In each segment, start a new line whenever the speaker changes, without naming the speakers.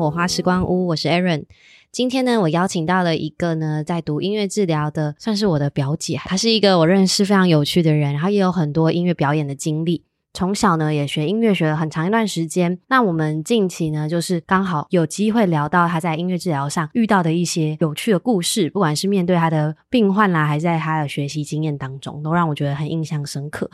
火花拾光屋，我是 Aaron。今天呢，我邀請到了一個呢，在讀音樂治療的，算是我的表姐。她是一個我認識非常有趣的人，然後也有很多音樂表演的經歷。從小呢，也學音樂學了很長一段時間。那我們近期呢，就是剛好有機會聊到她在音樂治療上遇到的一些有趣的故事，不管是面對她的病患啦，還是在她的學習經驗當中，都讓我覺得很印象深刻。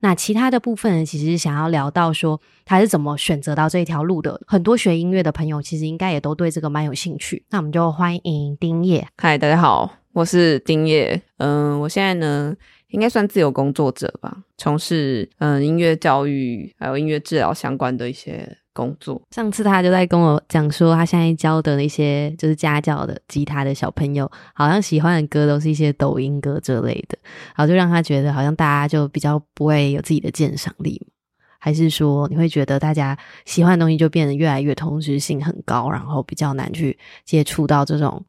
那其他的部分呢？其實想要聊到說他是怎麼選擇到這一條路的。很多學音樂的朋友其實應該也都對這個蠻有興趣。那我們就歡迎丁曄。嗨，大家好，我是
丁曄。嗯，我現在呢，應該算自由工作者吧，從事嗯音樂教育還有音樂治療相關的一些。工作，
上次他就在跟我講說，他現在教的那些就是家教的、吉他的小朋友，好像喜歡的歌都是一些抖音歌之類的，然後就讓他覺得好像大家就比較不會有自己的鑑賞力嘛？還是說你會覺得大家喜歡的東西就變得越來越同質性很高，然後比較難去接觸到這種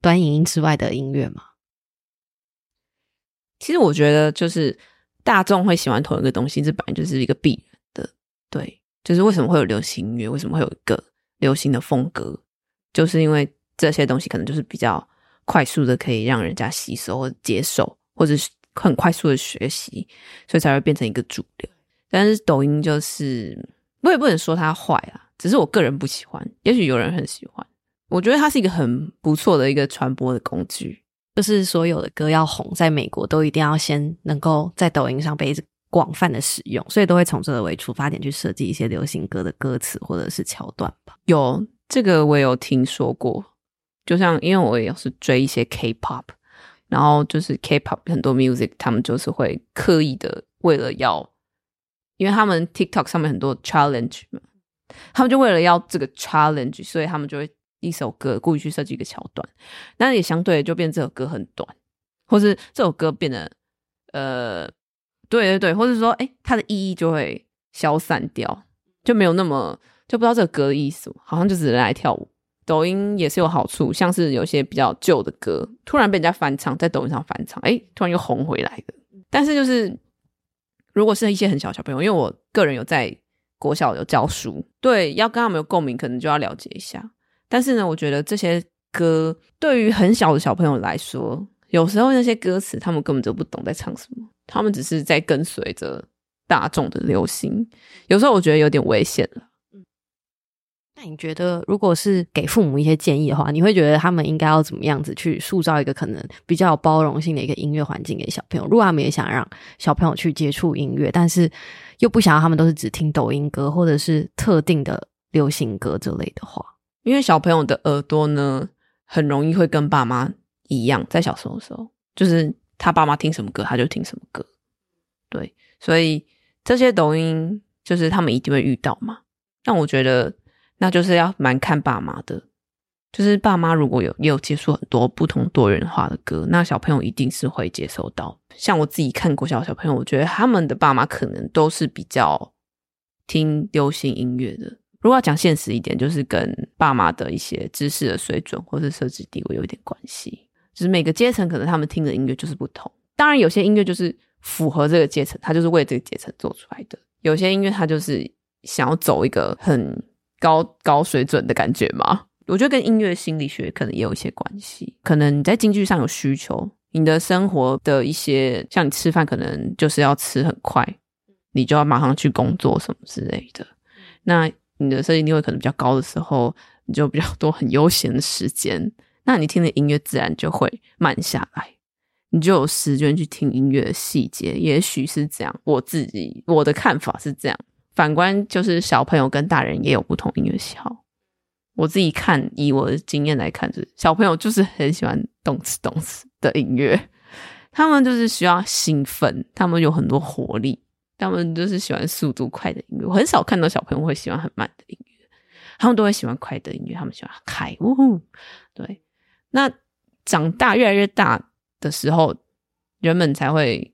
短影音之外的音樂嘛？
其實我覺得，就是大眾會喜歡同一個東西，這本來就是一個必然的，對。就是為什麼會有流行音樂？為什麼會有一個流行的風格？就是因為這些東西可能就是比較快速的，可以讓人家吸收或接受，或者是很快速的學習，所以才會變成一個主流。但是抖音就是，我也不能說它壞啊，只是我個人不喜歡。也許有人很喜歡，我覺得它是一個很不錯的一個傳播的工具。
就是所有的歌要紅，在美國都一定要先能夠在抖音上被一直廣泛的
使用，所以都會從這個為出發點去設計一些流行歌的歌詞或者是橋段吧。有這個我也有聽說過，就像因為我也是追一些 K-pop，然後就是 K-pop 很多 music，他們就是會刻意的為了要，因為他們 TikTok 上面很多 challenge 嘛，他們就為了要這個 challenge，所以他們就會一首歌故意去設計一個橋段，但也相對的就變成這首歌很短，或是這首歌變得呃。對對對，或者說，哎，它的意義就會消散掉，就沒有那麼就不知道這個歌的意思，好像就只能來跳舞。抖音也是有好處，像是有些比較舊的歌，突然被人家翻唱，在抖音上翻唱，哎，突然又紅回來的。但是就是，如果是一些很小的小朋友，因為我個人有在國小有教書，對，要跟他們有共鳴，可能就要了解一下。但是呢，我覺得這些歌對於很小的小朋友來說，有時候那些歌詞他們根本就不懂在唱什麼。他們只是在跟隨着大眾的流行，有時候我覺得有點危險了。嗯，
那你覺得，如果是給父母一些建議的話，你會覺得他們應該要怎麼樣子去塑造一個可能比較有包容性的一個音樂環境給小朋友？如果他們也想讓小朋友去接觸音樂，但是又不想要他們都是只聽抖音歌或者是特定的流行歌之類的話，
因為小朋友的耳朵呢，很容易會跟爸媽一樣，在小時候的時候就是。他爸媽聽什麼歌，他就聽什麼歌，對，所以這些抖音就是他們一定會遇到嘛。但我覺得，那就是要蠻看爸媽的，就是爸媽如果有也有接觸很多不同多元化的歌，那小朋友一定是會接受到。像我自己看國小小朋友，我覺得他們的爸媽可能都是比較聽流行音樂的。如果要講現實一點，就是跟爸媽的一些知識的水準或是社會地位有點關係。就是每個階層可能他們聽的音樂就是不同，當然有些音樂就是符合這個階層，它就是為這個階層做出來的；有些音樂它就是想要走一個很高高水準的感覺嘛。我覺得跟音樂心理學可能也有一些關係。可能你在經濟上有需求，你的生活的一些像你吃飯可能就是要吃很快，你就要馬上去工作什麼之類的。那你的社經地位可能比較高的時候，你就比較多很悠閒的時間。那你聽的音樂自然就會慢下來，你就有時間去聽音樂的細節。也許是這樣，我自己我的看法是這樣。反觀就是小朋友跟大人也有不同音樂喜好。我自己看，以我的經驗來看，就是，是小朋友就是很喜歡動次動次的音樂，他們就是需要興奮，他們有很多活力，他們就是喜歡速度快的音樂。我很少看到小朋友會喜歡很慢的音樂，他們都會喜歡快的音樂，他們喜歡開嗚，對。那長大越來越大的時候，人們才會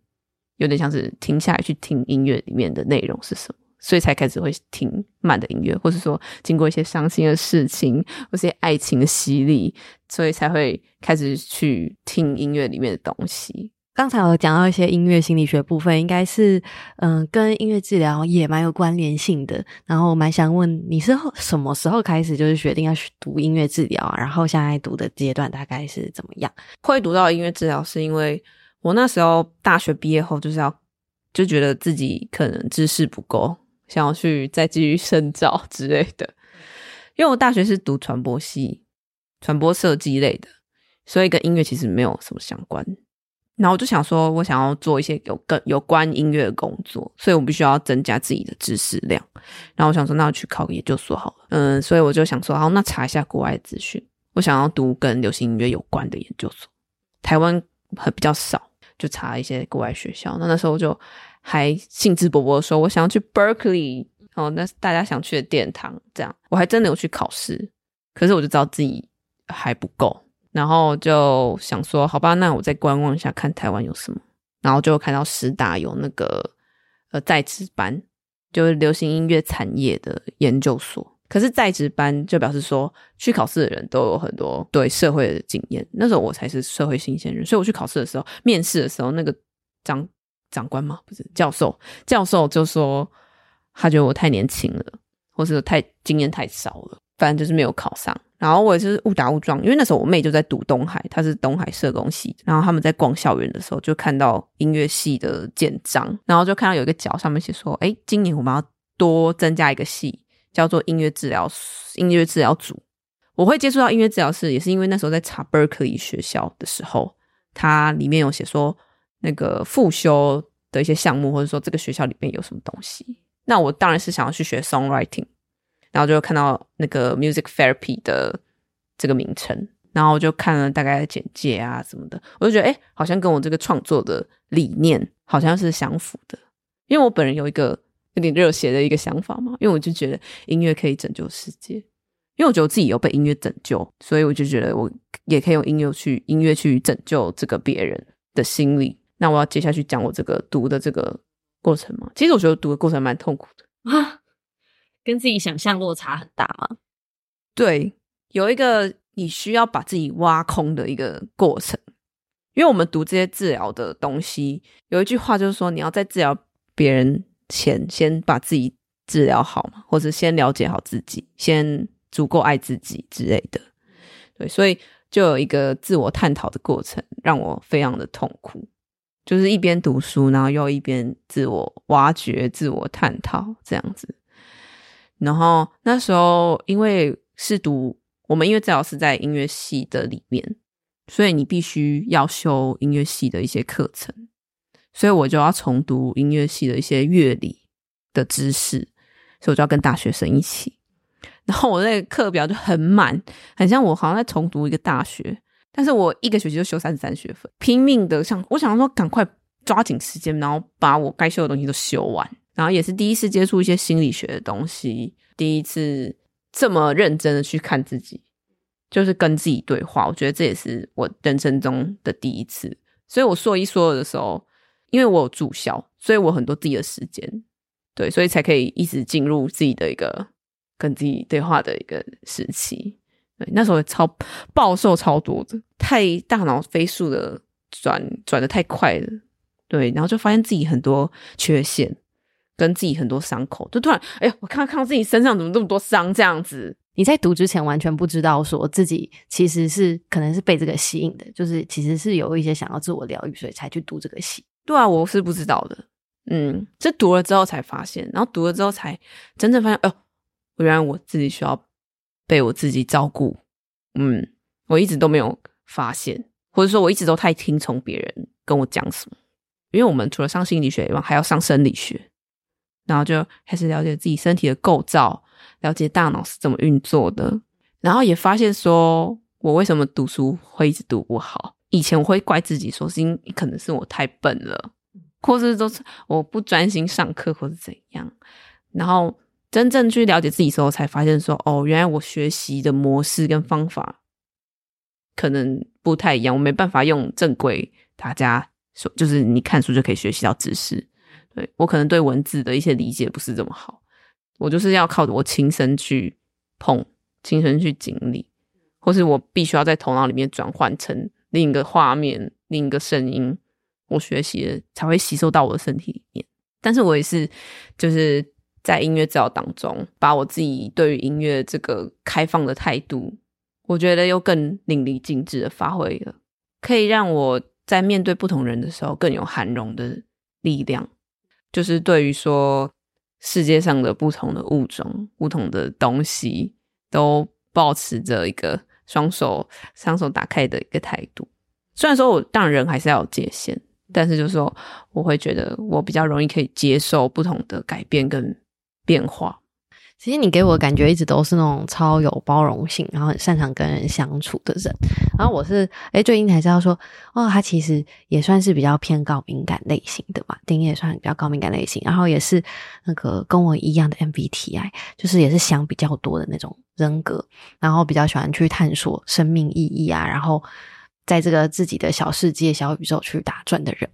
有點像是停下來去聽音樂裡面的內容是什麼，所以才開始會聽慢的音樂，或是說經過一些傷心的事情，或是一些愛情的洗禮，所以才會開始去聽音樂裡面的東西。
剛才我講到一些音樂心理學部分，應該是嗯、呃，跟音樂治療也蠻有關聯性的。然後我蠻想問，你是什麼時候開始就
是決定要去讀音樂治療啊？然後現在讀的階段大概是怎麼樣？會讀到音樂治療，是因為我那時候大學畢業後就是要就覺得自己可能知識不夠，想要去再繼續深造之類的。因為我大學是讀傳播系、傳播設計類的，所以跟音樂其實沒有什麼相關。然後我就想說，我想要做一些有跟有關音樂的工作，所以我必須要增加自己的知識量。然後我想說，那我去考個研究所好了。嗯，所以我就想說，好，那查一下國外資訊。我想要讀跟流行音樂有關的研究所，台灣還比較少，就查一些國外學校。那那時候就還興致勃勃的說，我想要去 Berkeley 哦，那大家想去的殿堂。這樣我還真的有去考試，可是我就知道自己還不夠。然後就想說，好吧，那我再觀望一下，看台灣有什麼。然後就看到師大有那個呃在職班，就是流行音樂產業的研究所。可是在職班就表示說，去考試的人都有很多對社會的經驗。那時候我才是社會新鮮人，所以我去考試的時候，面試的時候，那個長長官嘛，不是，教授，教授就說他覺得我太年輕了，或是說太經驗太少了，反正就是沒有考上。然後我也是誤打誤撞，因為那時候我妹就在讀東海，她是東海社工系。然後他們在逛校園的時候，就看到音樂系的簡章，然後就看到有一個角上面寫說：“哎，今年我們要多增加一個系，叫做音樂治療，音樂治療組。”我會接觸到音樂治療室，也是因為那時候在查 Berkeley 學校的時候，它裡面有寫說那個複修的一些項目，或者說這個學校裡面有什麼東西。那我當然是想要去學 Songwriting。然後就看到那個 Music Therapy 的這個名稱，然後我就看了大概簡介啊什麼的，我就覺得誒，好像跟我這個創作的理念好像是相符的，因為我本人有一個有點熱血的一個想法嘛，因為我就覺得音樂可以拯救世界，因為我覺得我自己有被音樂拯救，所以我就覺得我也可以用音樂去音樂去拯救這個別人的心理。那我要接下去講我這個讀的這個過程嘛，其實我覺得讀的過程蠻痛苦的
啊。 跟自己想象落差很大嗎？
對，有一個你需要把自己挖空的一個過程，因為我們讀這些治療的東西，有一句話就是說，你要在治療別人前，先把自己治療好嘛，或者先了解好自己，先足夠愛自己之類的。對，所以就有一個自我探討的過程，讓我非常的痛苦，就是一邊讀書，然後又一邊自我挖掘、自我探討這樣子。然後那時候，因為是讀我們音樂，治療是在音樂系的裡面，所以你必須要修音樂系的一些課程，所以我就要重讀音樂系的一些樂理的知識，所以我就要跟大學生一起。然後我那個課表就很滿，很像我好像在重讀一個大學，但是我一個學期就修三十三學分，拼命的上，我想說趕快抓緊時間，然後把我該修的東西都修完。然後也是第一次接觸一些心理學的東西，第一次這麼認真的去看自己，就是跟自己對話。我覺得這也是我人生中的第一次。所以我碩一碩二的時候，因為我有住校，所以我很多自己的時間，對，所以才可以一直進入自己的一個跟自己對話的一個時期。對，那時候也超暴瘦超多的，太大腦飛速的轉轉得太快了，對，然後就發現自己很多缺陷。跟自己很多傷口，就突然，哎呀，我看看到自己身上怎麼這麼多傷，這樣子。你在讀之
前完全不知道，說自己其實是可能是被這個吸引的，就是其實是有一些
想要自我療癒，所以才去讀這個戲。對啊，我是不知道的，嗯，這讀了之後才發現，然後讀了之後才真正發現，哦，原來我自己需要被我自己照顧，嗯，我一直都沒有發現，或者說我一直都太聽從別人跟我講什麼，因為我們除了上心理學以外，還要上生理學。然後就開始了解自己身體的構造，了解大腦是怎麼運作的，然後也發現說，我為什麼讀書會一直讀不好？以前我會怪自己說，說是因可能是我太笨了，或是說是我不專心上課，或是怎樣。然後真正去了解自己的時候，才發現說，哦，原來我學習的模式跟方法可能不太一樣，我沒辦法用正規大家說，就是你看書就可以學習到知識。對，我可能對文字的一些理解不是這麼好，我就是要靠我親身去碰、親身去經歷，或是我必須要在頭腦裡面轉換成另一個畫面、另一個聲音，我學習才會吸收到我的身體裡面。但是我也是就是在音樂治療當中，把我自己對於音樂這個開放的態度，我覺得又更淋漓盡致的發揮了，可以讓我在面對不同人的時候更有涵容的力量。就是對於說世界上的不同的物種、不同的東西，都保持着一個雙手、雙手打開的一個態度。雖然說我當然人還是要有界限，但是就說我會覺得我比較容易可以接受不同的改變跟變化。其實你給我的感覺一直都是那種超有包
容性，然後很擅長跟人相處的人。然後我是，哎、欸，最近才知道說，哦，他其實也算是比較偏高敏感類型的嘛，丁也算比較高敏感類型，然後也是那個跟我一樣的 MBTI，就是也是想比較多的那種人格，然後比較喜歡去探索生命意義啊，然後在這個自己的小世界、小宇宙去打轉的人。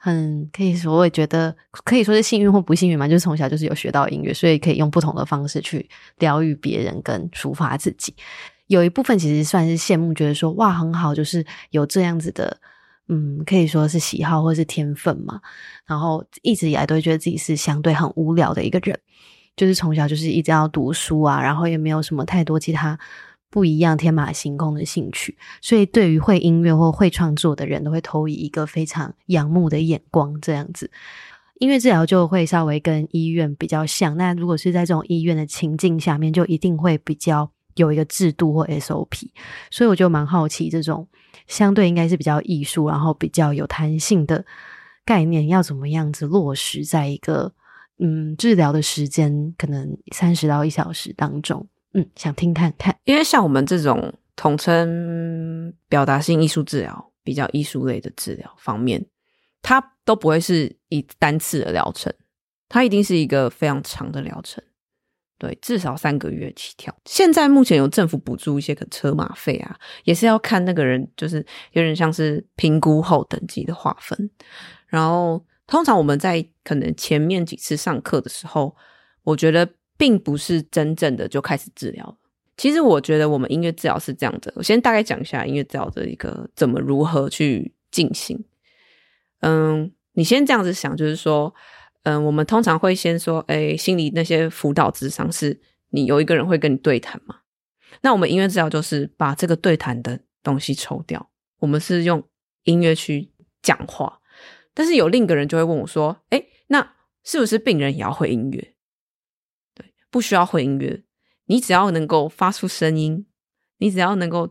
很、嗯、可以說，我也覺得可以說是幸運或不幸運嘛，就是從小就是有學到音樂，所以可以用不同的方式去療癒別人跟抒發自己。有一部分其實算是羨慕，覺得說哇很好，就是有這樣子的，嗯，可以說是喜好或者是天分嘛。然後一直以來都會覺得自己是相對很無聊的一個人，就是從小就是一直要讀書啊，然後也沒有什麼太多其他，不一樣天馬行空的興趣，所以對於會音樂或會創作的人都會投以一個非常仰慕的眼光。這樣子，音樂治療就會稍微跟醫院比較像。那如果是在這種醫院的情境下面，就一定會比較有一個制度或 SOP。所以我就蠻好奇，這種相對應該是比較藝術，然後比較有彈性的概念，要怎麼樣子落實在一個
嗯治療
的時間，可能三十到一小時當中。嗯，想聽看看，
因為像我們這種統稱表達性藝術治療，比較藝術類的治療方面，它都不會是以單次的療程，它一定是一個非常長的療程，對，至少三個月起跳。現在目前有政府補助一些可能車馬費啊，也是要看那個人，就是有點像是評估後等級的劃分。然後，通常我們在可能前面幾次上課的時候，我覺得。並不是真正的就開始治療。其實我覺得我們音樂治療是這樣子，我先大概講一下音樂治療的一個怎麼如何去進行。嗯，你先這樣子想，就是說，嗯，我們通常會先說，哎、欸，心理那些輔導諮商是你有一個人會跟你對談嘛？那我們音樂治療就是把這個對談的東西抽掉，我們是用音樂去講話。但是有另一個人就會問我說，哎、欸，那是不是病人也要會音樂？不需要會音樂，你只要能夠發出聲音，你只要能夠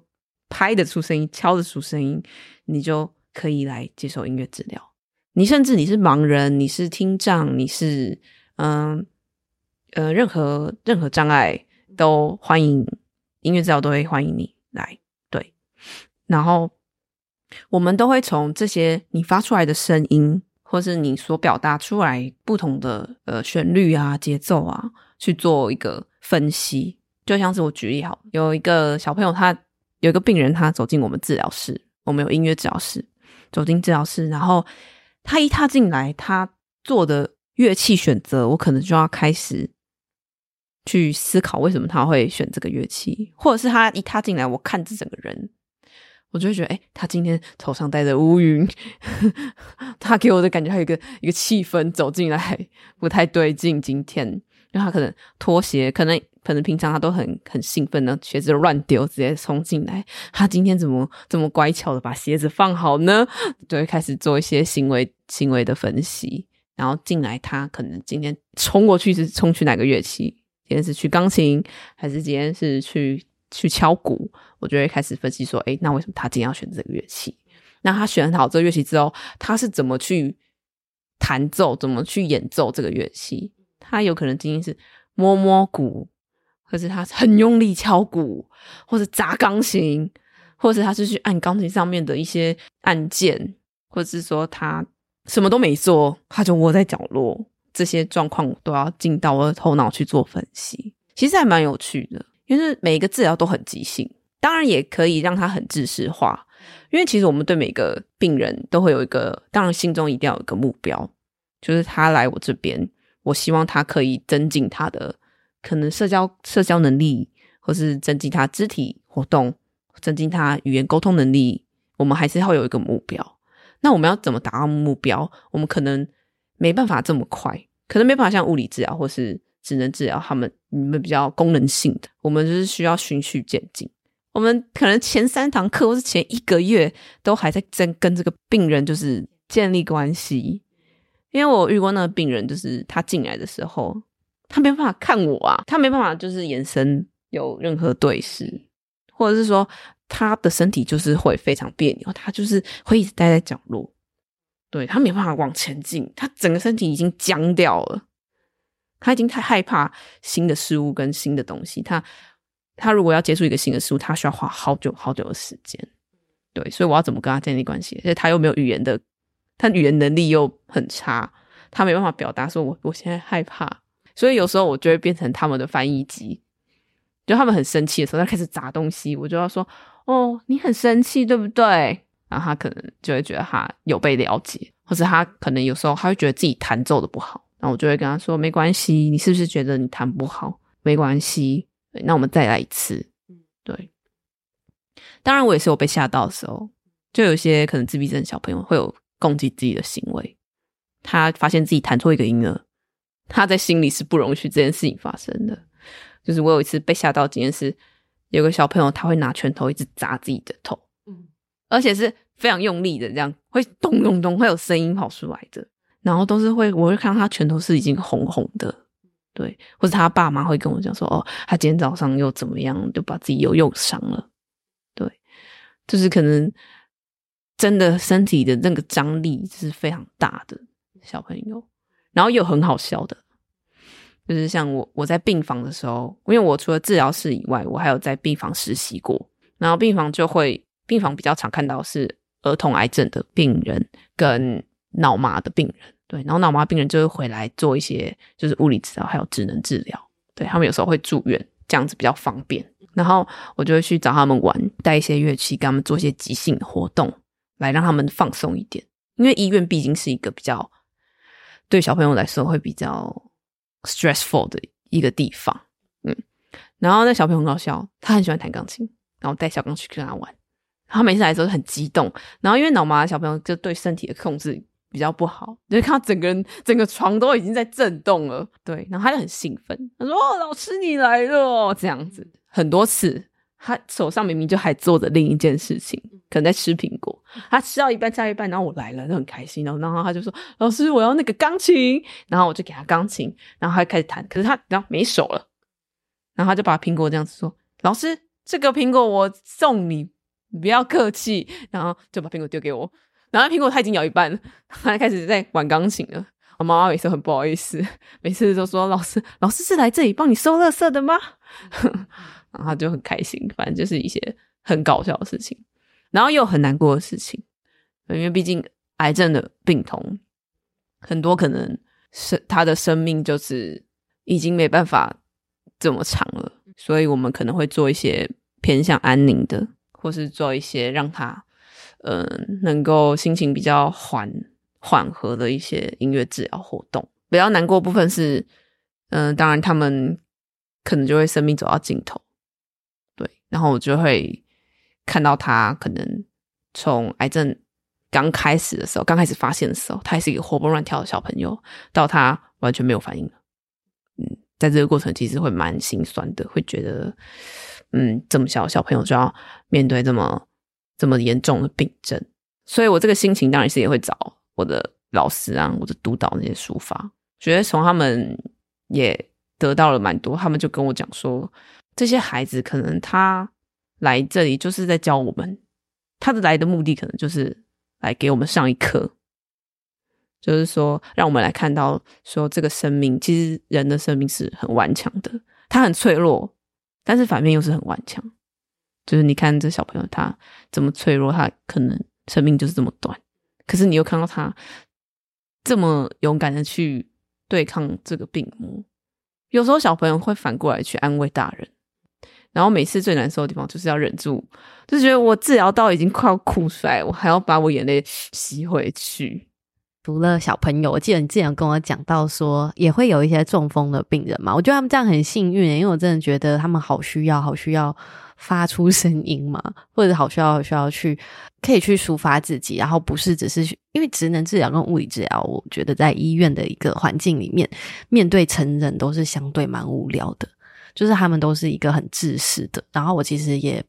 拍得出聲音、敲得出聲音，你就可以來接受音樂治療。你甚至你是盲人，你是聽障，你是嗯呃，呃任何任何障礙都歡迎音樂治療，都會歡迎你來。對，然後我們都會從這些你發出來的聲音，或是你所表達出來不同的呃旋律啊、節奏啊。去做一個分析，就像是我舉例好，有一個小朋友他，他有一個病人，他走進我們治療室，我們有音樂治療室，走進治療室，然後他一踏進來，他做的樂器選擇，我可能就要開始去思考為什麼他會選這個樂器，或者是他一踏進來，我看這整個人，我就會覺得，哎、欸，他今天頭上戴着烏雲， 他給我的感覺還有一個一個氣氛走進來不太對勁，今天。他可能拖鞋，可能可能平常他都很很興奮，的鞋子亂丟，直接衝進來。他今天怎麼這麼乖巧的把鞋子放好呢？就會開始做一些行為行為的分析。然後進來，他可能今天衝過去是衝去哪個樂器？今天是去鋼琴，還是今天是去去敲鼓？我就會開始分析說，誒，那為什麼他今天要選這個樂器？那他選好這個樂器之後，他是怎麼去彈奏？怎麼去演奏這個樂器？他有可能僅僅是摸摸鼓，可是他是很用力敲鼓，或者砸鋼琴，或者他是去按鋼琴上面的一些按鍵，或者是說他什麼都沒做，他就窩在角落。這些狀況都要進到我的頭腦去做分析，其實還蠻有趣的，因為是每一個治療都很即興，當然也可以讓他很制式化，因為其實我們對每個病人都會有一個，當然心中一定要有一個目標，就是他來我這邊。我希望他可以增進他的可能社交社交能力，或是增進他肢體活動，增進他語言溝通能力。我們還是要有一個目標。那我們要怎麼達到目標？我們可能沒辦法這麼快，可能沒辦法像物理治療或是職能治療他們你們比較功能性的。我們就是需要循序漸進。我們可能前三堂課或是前一個月都還在跟這個病人就是建立關係。因為我遇過那個病人，就是他進來的時候，他沒辦法看我啊，他沒辦法就是眼神有任何對視，或者是說他的身體就是會非常彆扭，他就是會一直待在角落，對，他沒辦法往前進，他整個身體已經僵掉了，他已經太害怕新的事物跟新的東西，他他如果要接觸一個新的事物，他需要花好久好久的時間，對，所以我要怎麼跟他建立關係？而且他又沒有語言的。他語言能力又很差，他沒辦法表達，說我我現在害怕，所以有時候我就會變成他們的翻譯機。就他們很生氣的時候，他開始砸東西，我就要說：“哦，你很生氣，對不對？”然後他可能就會覺得他有被了解，或者他可能有時候他會覺得自己彈奏的不好，然後我就會跟他說：“沒關係，你是不是覺得你彈不好？沒關係，那我們再來一次。”嗯，對。當然，我也是有被嚇到的時候，就有些可能自閉症小朋友會有。攻擊自己的行為，他發現自己彈錯一個音了，他在心裡是不容許這件事情發生的。就是我有一次被嚇到，今天是有個小朋友，他會拿拳頭一直砸自己的頭，嗯，而且是非常用力的，這樣會咚咚咚咚會有聲音跑出來的，然後都是會我會看到他拳頭是已經紅紅的，對，或者他爸媽會跟我講說，哦，他今天早上又怎麼樣，就把自己又用傷了，對，就是可能。真的身體的那個張力是非常大的小朋友，然後又很好笑的，就是像我，我在病房的時候，因為我除了治療室以外，我還有在病房實習過。然後病房就會，病房比較常看到的是兒童癌症的病人跟腦麻的病人，對，然後腦麻病人就會回來做一些就是物理治療還有職能治療，對，他們有時候會住院，這樣子比較方便。然後我就會去找他們玩，帶一些樂器跟他們做一些即興活動。來讓他們放鬆一點，因為醫院畢竟是一個比較對小朋友來說會比較 stressful 的一個地方。嗯，然後那小朋友很搞笑，他很喜歡彈鋼琴，然後帶小朋友去跟他玩。他每次來的時候就很激動，然後因為腦麻小朋友就對身體的控制比較不好，就是看到整個人整個床都已經在震動了。對，然後他就很興奮，他說：“哦，老師你來了！”這樣子很多次，他手上明明就還做着另一件事情，可能在吃蘋果。他吃到一半，加一半，然後我來了，就很開心。然後，然後他就說：“老師，我要那個鋼琴。”然後我就給他鋼琴，然後他就開始彈。可是他然後沒手了，然後他就把蘋果這樣子說：“老師，這個蘋果我送你，你不要客氣。”然後就把蘋果丟給我。然後蘋果他已經咬一半了，他開始在玩鋼琴了。我媽媽每次很不好意思，每次都說：“老師，老師是來這裡幫你收垃圾的嗎？”然後就很開心。反正就是一些很搞笑的事情。然後又很難過的事情，因為畢竟癌症的病痛很多，可能是他的生命就是已經沒辦法這麼長了，所以我們可能會做一些偏向安寧的，或是做一些讓他嗯、呃、能夠心情比較緩緩和的一些音樂治療活動。比較難過的部分是，嗯、呃，當然他們可能就會生命走到盡頭，對，然後我就會。看到他可能從癌症剛開始的時候，剛開始發現的時候，他還是一個活蹦亂跳的小朋友，到他完全沒有反應。嗯，在這個過程其實會蠻心酸的，會覺得，嗯，這麼小的小朋友就要面對這麼這麼嚴重的病症，所以我這個心情當然是也會找我的老師啊，我的督導那些抒發，覺得從他們也得到了蠻多，他們就跟我講說，這些孩子可能他。來這裡就是在教我們，他的來的目的可能就是來給我們上一課，就是說讓我們來看到說這個生命，其實人的生命是很頑強的，他很脆弱，但是反面又是很頑強。就是你看這小朋友他這麼脆弱，他可能生命就是這麼短，可是你又看到他這麼勇敢的去對抗這個病魔。有時候小朋友會反過來去安慰大人。然後每次最難受的地方就是要忍住，就覺得我治療到已經快要哭出來，我還要把我眼淚吸回去。
除了小朋友，我記得你之前有跟我講到說，也會有一些中風的病人嘛。我覺得他們這樣很幸運欸，因為我真的覺得他們好需要、好需要發出聲音嘛，或者好需要、好需要去可以去抒發自己，然後不是只是因為職能治療跟物理治療，我覺得在醫院的一個環境裡面，面對成人都是相對蠻無聊的。就是他們都是一個很自私的，然後我其實也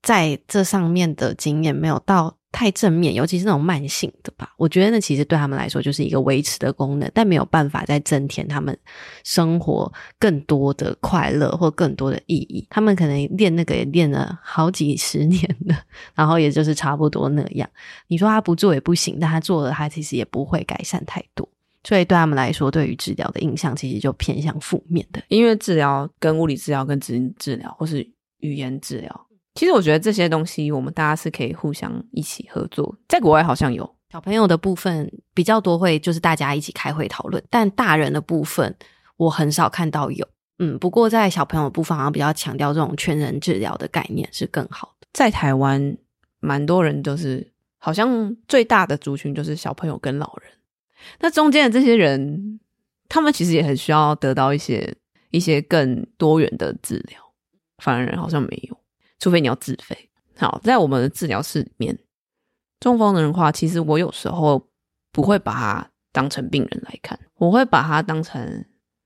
在這上面的經驗沒有到太正面，尤其是那種慢性的吧。我覺得那其實對他們來說就是一個維持的功能，但沒有辦法再增添他們生活更多的快樂或更多的意義。他們可能練那個也練了好幾十年了，然後也就是差不多那樣。你說他不做也不行，但他做了，他其實也不會改善太多。所以對他們來說，對於治療的印象其實
就偏向負面的，音樂治療跟物理治療、跟職能治療或是語言治療，其實我覺得這些東西我們大家是可以互相一起合作。在國外，好像有
小朋友的部分比較多，會就是大家一起開會討論，但大人的部分我很少看到有。嗯，不過在小朋友的部分，好像比較強調這種全人治療的概
念是更好的。在台灣，蠻多人就是好像最大的族群就是小朋友跟老人。那中間的這些人，他們其實也很需要得到一些一些更多元的治療，反而好像沒有，除非你要自費。好，在我們的治療室裡面，中風的人話，其實我有時候不會把他當成病人來看，我會把他當成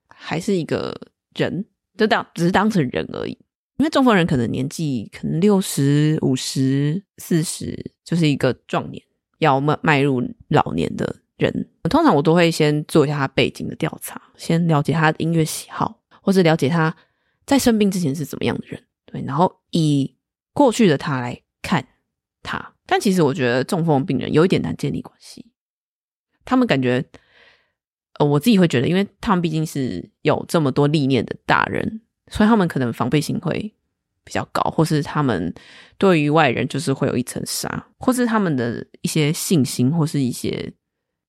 還是一個人，就當只是當成人而已。因為中風人可能年紀可能六十、五十、四十，就是一個壯年，要邁邁入老年的。人，通常我都會先做一下他背景的調查，先了解他的音樂喜好，或是了解他在生病之前是怎麼樣的人，對，然後以過去的他來看他。但其實我覺得中風病人有一點難建立關係，他們感覺，呃，我自己會覺得，因為他們畢竟是有這麼多歷練的大人，所以他們可能防備心會比較高，或是他們對於外人就是會有一層紗，或是他們的一些信心或是一些。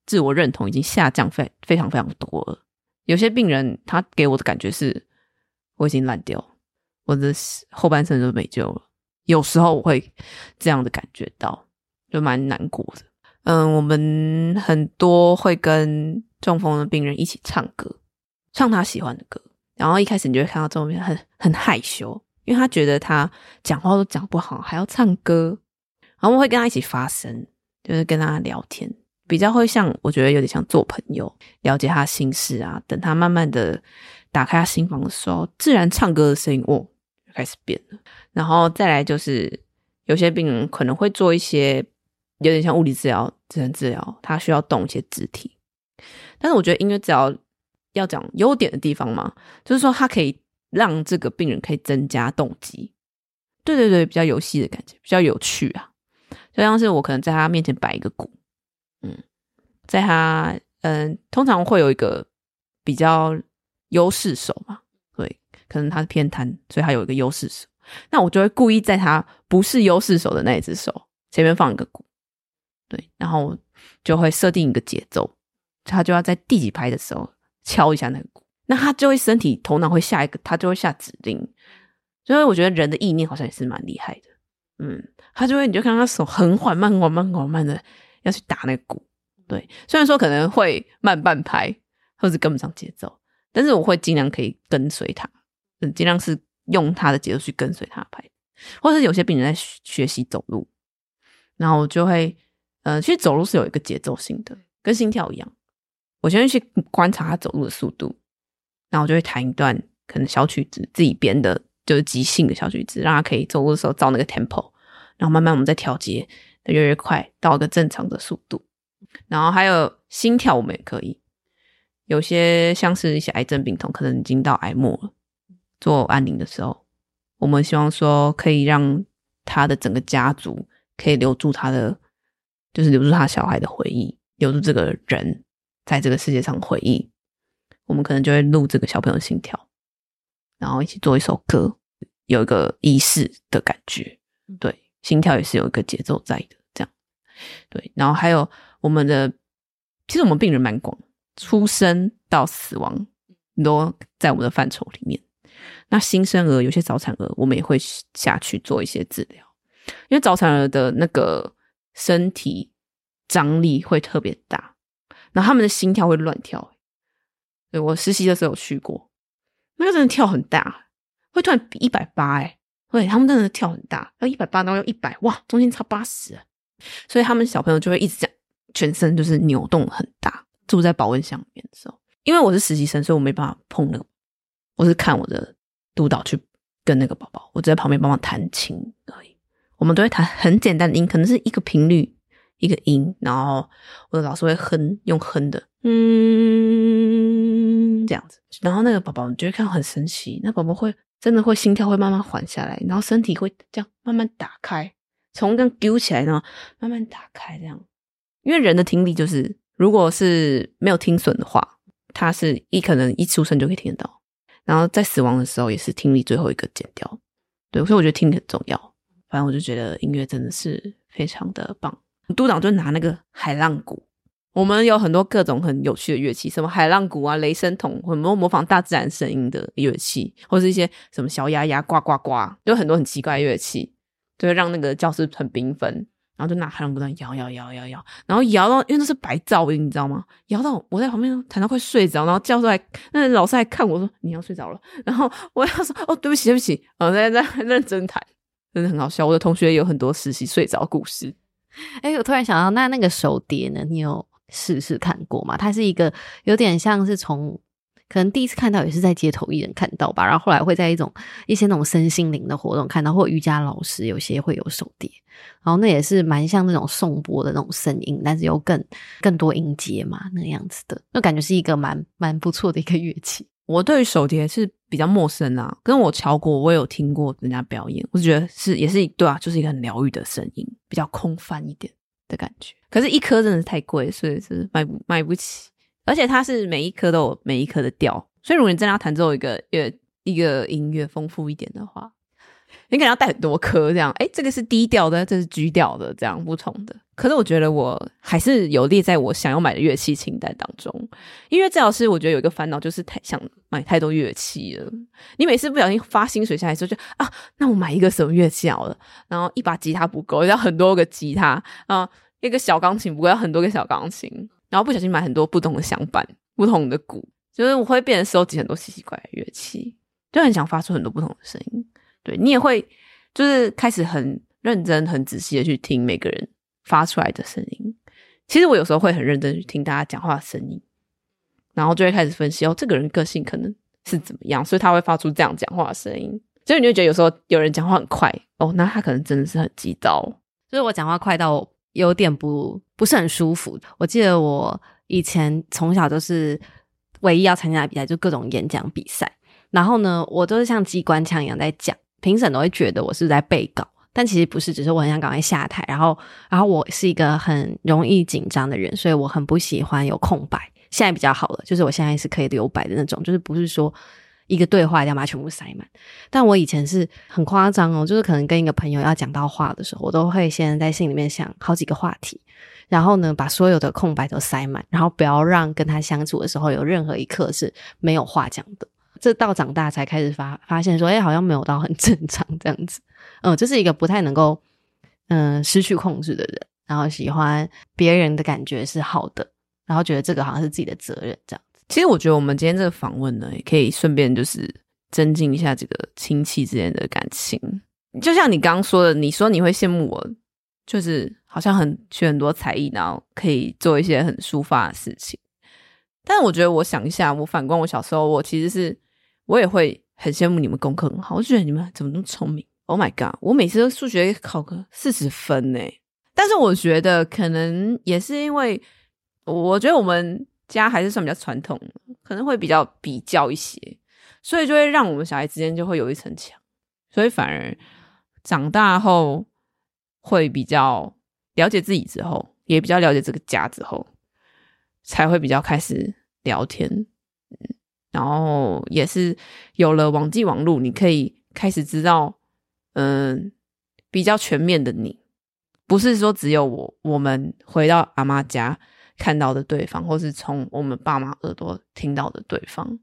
自我認同已經下降非非常非常多了。有些病人他給我的感覺是，我已經爛掉，我的後半生都沒救了。有時候我會這樣的感覺到，就蠻難過的。嗯，我們很多會跟中風的病人一起唱歌，唱他喜歡的歌。然後一開始你就會看到中風很很害羞，因為他覺得他講話都講不好，還要唱歌。然後我們會跟他一起發聲，就是跟他聊天。比較會像，我覺得有點像做朋友，了解他心事啊。等他慢慢的打開他心房的時候，自然唱歌的聲音哦，開始變了。然後再來就是，有些病人可能會做一些有點像物理治療、職能治療，他需要動一些肢體。但是我覺得，音樂治療要講優點的地方嘛，就是說他可以讓這個病人可以增加動機。對對對，比較遊戲的感覺，比較有趣啊。就像是我可能在他面前擺一個鼓。嗯，在他嗯，通常會有一個比較優勢手嘛，對，可能他是偏癱，所以他有一個優勢手。那我就會故意在他不是優勢手的那一隻手前面放一個鼓，對，然後就會設定一個節奏，他就要在第幾拍的時候敲一下那個鼓，那他就會身體、頭腦會下一個，他就會下指令。所以我覺得人的意念好像也是蠻厲害的，嗯，他就會你就看他手很緩慢、緩慢、緩慢的。要去打那個鼓，對，雖然說可能會慢半拍，或者是跟不上節奏，但是我會盡量可以跟隨他，盡量是用他的節奏去跟隨他拍，或者有些病人在學習走路，然後我就會，呃，其實走路是有一個節奏性的，跟心跳一樣，我先去觀察他走路的速度，然後我就會彈一段可能小曲子，自己編的，就是即興的小曲子，讓他可以走路的時候照那個 tempo，然後慢慢我們再調節。越來越快到一個正常的速度，然後還有心跳，我們也可以。有些像是一些癌症病童，可能已經到癌末了，做安寧的時候，我們希望說可以讓他的整個家族可以留住他的，就是留住他小孩的回憶，留住這個人在這個世界上回憶。我們可能就會錄這個小朋友的心跳，然後一起做一首歌，有一個儀式的感覺，對。心跳也是有一個節奏在的，這樣對。然後還有我們的，其實我們病人蠻廣，出生到死亡都在我們的範疇裡面。那新生兒有些早產兒，我們也會下去做一些治療，因為早產兒的那個身體張力會特別大，然後他們的心跳會亂跳。對，我實習的時候有去過，那個真的跳很大，會突然比一百八誒。對，他們真的是跳很大，要一百八，然後又一百，哇，中間差八十，所以他們小朋友就會一直這樣，全身就是扭動很大。住在保溫箱裡面的時候，因為我是實習生，所以我沒辦法碰那個，我是看我的督導去跟那個寶寶，我只在旁邊幫忙彈琴而已。我們都會彈很簡單的音，可能是一個頻率一個音，然後我的老師會哼，用哼的，嗯，這樣子。然後那個寶寶你就會看很神奇，那寶寶會。真的會心跳會慢慢緩下來，然後身體會這樣慢慢打開，從這樣揪起來呢，慢慢打開這樣。因為人的聽力就是，如果是沒有聽損的話，它是一可能一出生就可以聽得到，然後在死亡的時候也是聽力最後一個剪掉。對，所以我覺得聽力很重要。反正我就覺得音樂真的是非常的棒。督導就拿那個海浪鼓。我們有很多各種很有趣的樂器，什麼海浪鼓啊、雷聲筒，很多模仿大自然聲音的樂器，或是一些什麼小鴨鴨呱呱呱，有很多很奇怪的樂器，就會讓那個教室很繽紛。然後就拿海浪鼓在搖搖,搖搖搖搖搖，然後搖到因為那是白噪音，你知道嗎？搖到我在旁邊彈到快睡着，然後教授還，那老師還看我說你要睡着了，然後我要說哦對不起對不起，然後在在認真彈，真的很好笑。我的同學也有很多實習睡着的故事。哎、欸，我突然想到，那那個手碟
呢？你有？試試看過嘛？它是一個有點像是從可能第一次看到也是在街頭藝人看到吧，然後後來會在一種一些那種身心靈的活動看到，或瑜伽老師有些會有手碟，然後那也是蠻像那種頌缽的那種聲音，但是又更更多音階嘛那樣子的，那感覺是一個蠻蠻不錯的一個樂器。
我對於手碟是比較陌生啊，跟我瞧過，我也有聽過人家表演，我覺得是也是一對啊，就是一個很療癒的聲音，比較空泛一點。的感覺，可是，一顆真的是太貴，所以是買不買不起。而且它是每一顆都有每一顆的調，所以如果你真的要彈奏一個樂一個音樂豐富一點的話，你可能要帶很多顆這樣。哎、欸，這個是低調的，這是 G 調的，這樣不同的。可是我覺得我還是有列在我想要買的樂器清單當中，因為這老師我覺得有一個煩惱，就是太想買太多樂器了。你每次不小心發薪水下來之後，就啊，那我買一個什麼樂器好了？然後一把吉他不夠，要很多個吉他啊，然後一個小鋼琴不夠，要很多個小鋼琴。然後不小心買很多不同的響板、不同的鼓，就是我會變得收集很多奇奇怪怪的樂器，就很想發出很多不同的聲音對。對你也會就是開始很認真、很仔細的去聽每個人發出來的聲音，其實我有時候會很認真去聽大家講話的聲音，然後就會開始分析哦，這個人個性可能是怎麼樣，所以他會發出這樣講話的聲音。所以你就覺得有時候有人講話很快哦，那他可能真的是很急躁。所以，我講話快到我有點不不是很舒
服。我記得我以前從小就是唯一要參加的比賽就各種演講比賽，然後呢，我都是像機關槍一樣在講，評審都會覺得我是在背稿。但其實不是，只是我很想趕快下台。然後，然後我是一個很容易緊張的人，所以我很不喜歡有空白。現在比較好了，就是我現在是可以留白的那種，就是不是說一個對話要把它全部塞滿。但我以前是很誇張哦，就是可能跟一個朋友要講到話的時候，我都會先在心裡面想好幾個話題，然後呢，把所有的空白都塞滿，然後不要讓跟他相處的時候有任何一刻是沒有話講的。這到長大才開始發發現說，說、欸、哎，好像沒有到很正常這樣子，嗯、呃，這、就是一個不太能夠嗯、呃、失去控制的人，然後喜歡別人的感
覺是好的，然後覺得這個好像是自己的責任這樣子。其實我覺得我們今天這個訪問呢，也可以順便就是增進一下這個親戚之間的感情。就像你剛剛說的，你說你會羨慕我，就是好像很學很多才藝，然後可以做一些很抒發的事情。但我覺得，我想一下，我反觀我小時候，我其實是。我也會很羨慕你們功課很好，我覺得你們怎麼那麼聰明？Oh my god！我每次都數學考個四十分呢，但是我覺得可能也是因為，我覺得我們家還是算比較傳統，可能會比較比較一些，所以就會讓我們小孩之間就會有一層牆，所以反而長大後會比較了解自己之後，也比較了解這個家之後，才會比較開始聊天。然後也是有了網際網路，你可以開始知道，嗯、呃，比較全面的你，不是說只有我，我們回到阿嬤家看到的對方，或是從我們爸媽耳朵聽到的對方，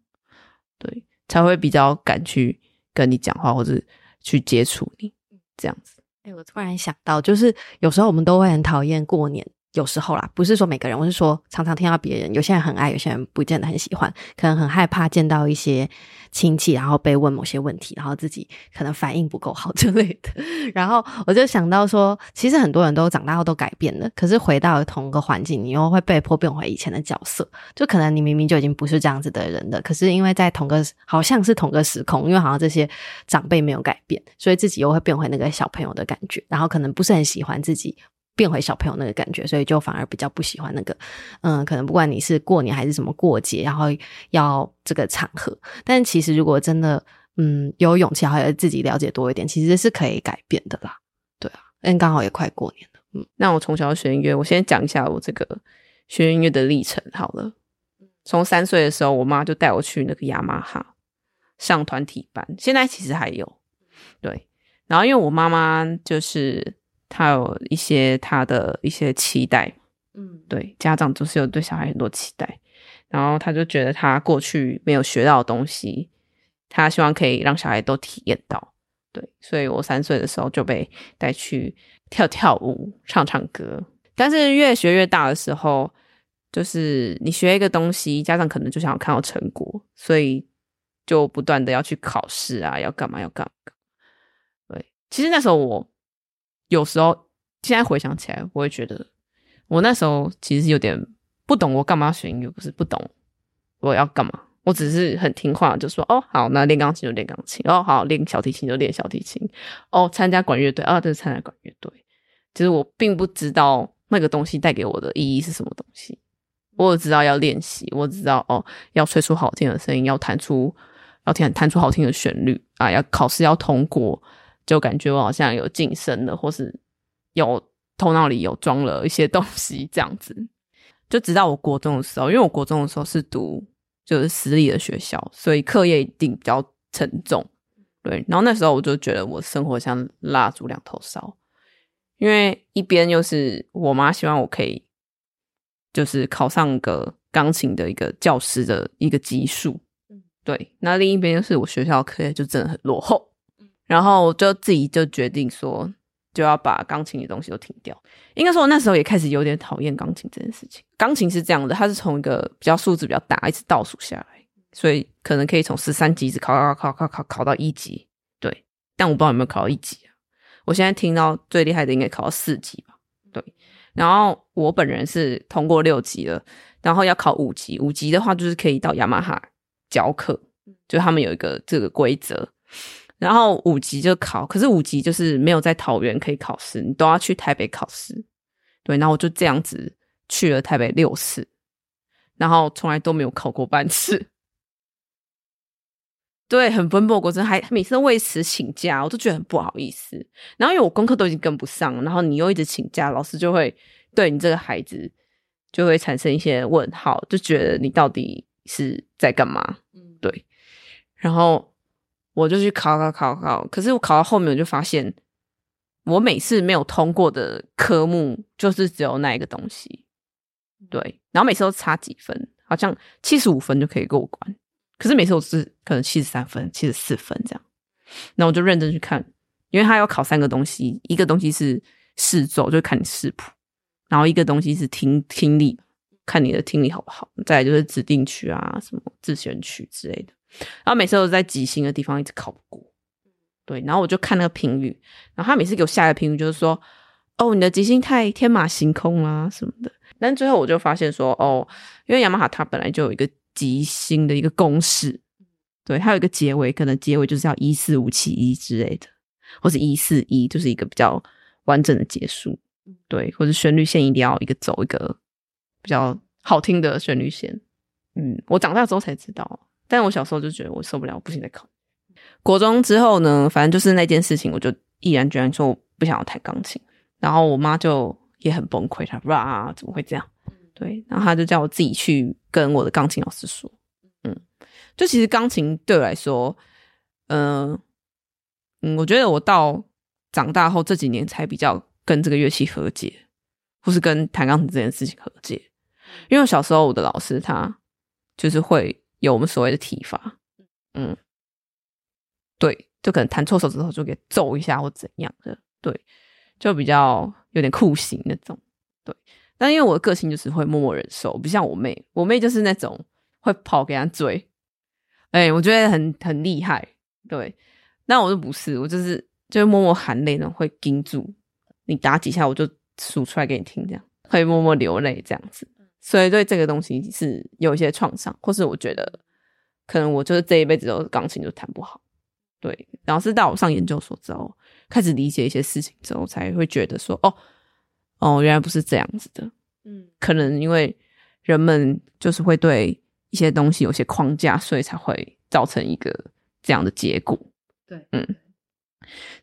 對，才會比較敢去跟你講話，或者去接觸你，這樣子。哎、
欸，我突然想到，就是有時候我們都會很討厭過年。有時候啦，不是說每個人，我是說常常聽到別人，有些人很愛，有些人不見得很喜歡，可能很害怕見到一些親戚，然後被問某些問題，然後自己可能反應不夠好之類的。然後我就想到說，其實很多人都長大後都改變了，可是回到同個環境，你又會被迫變回以前的角色，就可能你明明就已經不是這樣子的人了，可是因為在同個好像是同個時空，因為好像這些長輩沒有改變，所以自己又會變回那個小朋友的感覺，然後可能不是很喜歡自己。變回小朋友那個感覺，所以就反而比較不喜歡那個，嗯，可能不管你是過年還是什麼過節，然後要這個場合，但其實如果真的，嗯，有勇氣，還要自己了解多一點，其實是可以改變
的啦。對啊，因為剛好也快過年了，嗯，那我從小學音樂，我先講一下我這個學音樂的歷程好了。從三歲的時候，我媽就帶我去那個雅馬哈上團體班，現在其實還有，對。然後因為我媽媽就是。他有一些他的一些期待，嗯，對，家長總是有對小孩很多期待，然後他就覺得他過去沒有學到的東西，他希望可以讓小孩都體驗到，對，所以我三歲的時候就被帶去跳跳舞、唱唱歌，但是越學越大的時候，就是你學一個東西，家長可能就想要看到成果，所以就不斷的要去考試啊，要幹嘛要幹嘛，對，其實那時候我。有時候，現在回想起來，我會覺得，我那時候其實有點不懂我幹嘛選音樂，不是不懂我要幹嘛，我只是很聽話，就說哦好，那練鋼琴就練鋼琴，哦好，練小提琴就練小提琴，哦參加管樂隊啊，就、哦、參加管樂隊。其實我並不知道那個東西帶給我的意義是什麼東西，我只知道要練習，我只知道哦要吹出好聽的聲音，要彈出要彈彈出好聽的旋律啊，要考試要通過。就感覺我好像有晉升了，或是有頭腦裡有裝了一些東西這樣子。就直到我國中的時候，因為我國中的時候是讀就是私立的學校，所以課業一定比較沉重。對，然後那時候我就覺得我生活像蠟燭兩頭燒，因為一邊就是我媽希望我可以就是考上個鋼琴的一個教師的一個級數，對。那另一邊就是我學校課業就真的很落後。然後就自己就決定說，就要把鋼琴的東西都停掉。應該說，我那時候也開始有點討厭鋼琴這件事情。鋼琴是這樣的，它是從一個比較數字比較大一直倒數下來，所以可能可以從十三級一直考考考考考到一級。對，但我不知道有沒有考到一級啊？我現在聽到最厲害的應該考到四級吧？對。然後我本人是通過六級了，然後要考五級。五級的話就是可以到雅馬哈教課，就他們有一個這個規則。然後五級就考，可是五級就是沒有在桃園可以考試，你都要去台北考試。對，然後我就這樣子去了台北六次，然後從來都沒有考過半次。對，很奔波過程，果真還每次為此請假，我都覺得很不好意思。然後因為我功課都已經跟不上，然後你又一直請假，老師就會對你這個孩子就會產生一些問號，就覺得你到底是在幹嘛？對，然後。我就去考考考考，可是我考到後面，我就發現，我每次沒有通過的科目就是只有那一個東西，對，然後每次都差幾分，好像七十五分就可以過關，可是每次我是可能七十三分、七十四分這樣，那我就認真去看，因為他要考三個東西，一個東西是視奏，就是、看你視譜，然後一個東西是聽聽力，看你的聽力好不好，再來就是指定曲啊，什麼自選曲之類的。然後每次都是在即興的地方一直考不過，對。然後我就看那個評語，然後他每次給我下一個評語就是說：“哦，你的即興太天馬行空啦、啊，什麼的。”但最後我就發現說：“哦，因為雅馬哈它本來就有一個即興的一個公式，對，它有一個結尾，可能結尾就是要一四五七一之類的，或者一四一，就是一個比較完整的結束，對，或者旋律線一定要一個走一個比較好聽的旋律線。”嗯，我長大之後才知道。但我小時候就覺得我受不了，我不行，再、嗯、考。國中之後呢，反正就是那件事情，我就毅然決然說我不想要彈鋼琴。然後我媽就也很崩潰，她哇、啊、怎麼會這樣？對，然後她就叫我自己去跟我的鋼琴老師說，嗯，就其實鋼琴對我來說，嗯、呃、嗯，我覺得我到長大後這幾年才比較跟這個樂器和解，或是跟彈鋼琴這件事情和解。因為小時候我的老師他就是會。有我們所謂的體罰，嗯，對，就可能彈錯手之後就給揍一下或怎樣的，對，就比較有點酷刑那種，對。但因為我的個性就是會默默忍受，不像我妹，我妹就是那種會跑給他追，哎、欸，我覺得很很厲害，對。但我都不是，我就是就默默含淚呢，會盯住你打幾下我就數出來給你聽，這樣會默默流淚這樣子。所以對這個東西是有一些創傷，或是我覺得可能我就是這一輩子都鋼琴就彈不好，對。然後是到我上研究所之後，開始理解一些事情之後，才會覺得說哦哦，原來不是這樣子的，嗯。可能因為人們就是會對一些東西有些框架，所以才會造成一個這樣的結果。對，嗯，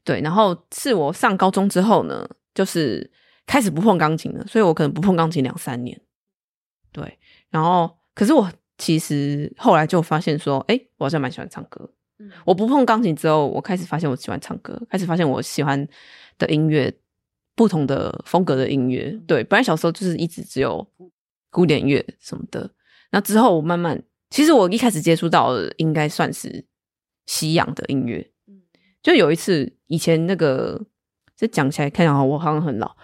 對。然後是我上高中之後呢，就是開始不碰鋼琴了，所以我可能不碰鋼琴兩三年。對，然後可是我其實後來就發現說，哎，我好像蠻喜歡唱歌、嗯。我不碰鋼琴之後，我開始發現我喜歡唱歌、嗯，開始發現我喜歡的音樂，不同的風格的音樂。嗯、對，本來小時候就是一直只有古典樂什麼的，然後之後我慢慢，其實我一開始接觸到應該算是西洋的音樂。就有一次以前那個，這講起來，看起來我好像很老。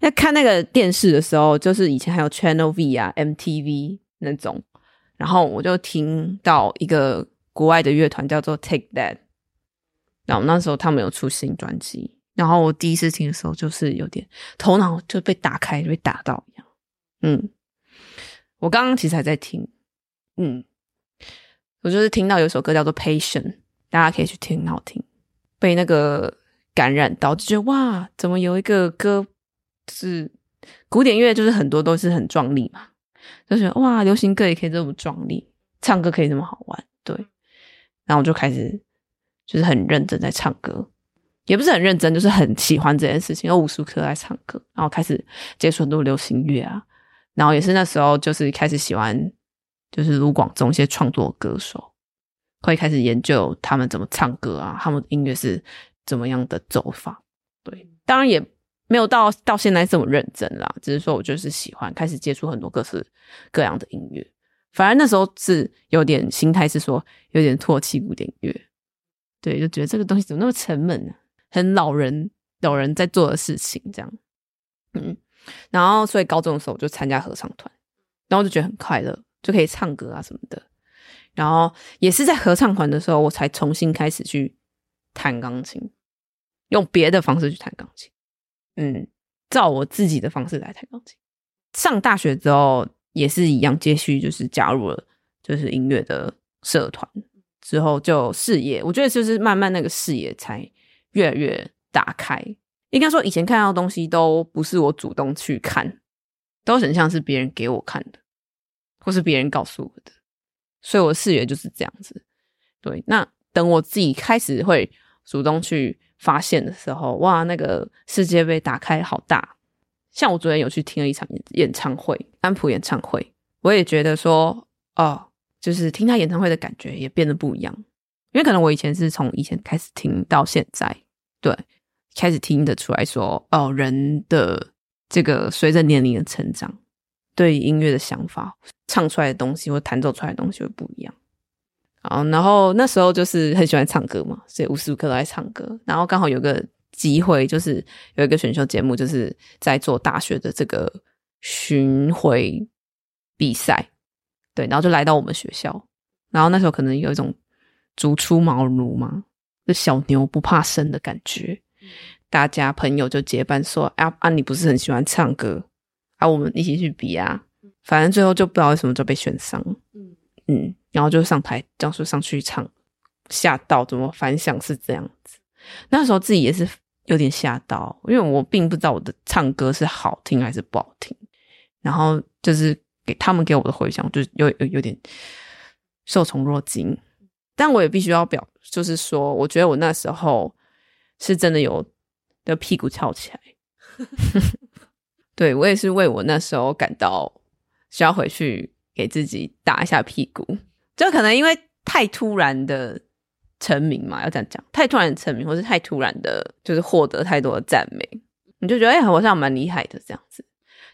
在看那個電視的時候，就是以前還有 Channel V 啊、MTV 那種，然後我就聽到一個國外的樂團叫做 Take That，然後那時候他們有出新專輯，然後我第一次聽的時候，就是有點頭腦就被打開、就被打到一樣。嗯，我剛剛其實還在聽，嗯，我就是聽到有一首歌叫做《Patience》，大家可以去聽，很好聽，被那個感染到，就覺得哇，怎麼有一個歌。就是古典樂，就是很多都是很壯麗嘛，就是哇，流行歌也可以這麼壯麗，唱歌可以這麼好玩，對。然後我就開始就是很認真在唱歌，也不是很認真，就是很喜歡這件事情，有無數顆愛唱歌。然後開始接觸很多流行樂啊，然後也是那時候就是開始喜歡就是盧廣仲一些創作歌手，會開始研究他們怎麼唱歌啊，他們音樂是怎麼樣的走法，對，當然也。沒有到到現在這麼認真啦，只是說我就是喜歡開始接觸很多各式各樣的音樂。反而那時候是有點心態是說有點唾棄古典樂，對，就覺得這個東西怎麼那麼沉悶呢，啊？很老人老人在做的事情這樣。嗯，然後所以高中的時候我就參加合唱團，然後就覺得很快樂，就可以唱歌啊什麼的。然後也是在合唱團的時候，我才重新開始去彈鋼琴，用別的方式去彈鋼琴。嗯，照我自己的方式來彈鋼琴。上大學之後也是一樣，接續就是加入了就是音樂的社團之後，就視野，我覺得就是慢慢那個視野才越來越打開。應該說以前看到的東西都不是我主動去看，都很像是別人給我看的，或是別人告訴我的，所以我的視野就是這樣子。對，那等我自己開始會主動去。發現的時候，哇，那個世界被打開好大！像我昨天有去聽了一場演唱會，安普演唱會，我也覺得說，哦，就是聽他演唱會的感覺也變得不一樣。因為可能我以前是從以前開始聽到現在，對，開始聽得出來說，哦，人的這個隨着年齡的成長，對音樂的想法、唱出來的東西或彈奏出來的東西會不一樣。然後那時候就是很喜歡唱歌嘛，所以無時無刻都在唱歌。然後剛好有個機會，就是有一個選秀節目，就是在做大學的這個巡回比賽，對。然後就來到我們學校。然後那時候可能有一種初出茅廬嘛，就小牛不怕生的感覺。嗯、大家朋友就結伴說：“啊啊，你不是很喜歡唱歌？啊，我們一起去比啊！”反正最後就不知道為什麼就被選上了。嗯嗯，然後就上台，這樣說上去唱，嚇到怎麼反響是這樣子？那時候自己也是有點嚇到，因為我並不知道我的唱歌是好聽還是不好聽。然後就是給他們給我的回響，我就有有,有點受寵若驚。但我也必須要表，就是說，我覺得我那時候是真的有的屁股翹起來。 對，我也是為我那時候感到，需要回去。給自己打一下屁股，就可能因為太突然的成名嘛，要這樣講，太突然的成名，或是太突然的，就是獲得太多的讚美，你就覺得哎、欸，我好像蠻厲害的這樣子。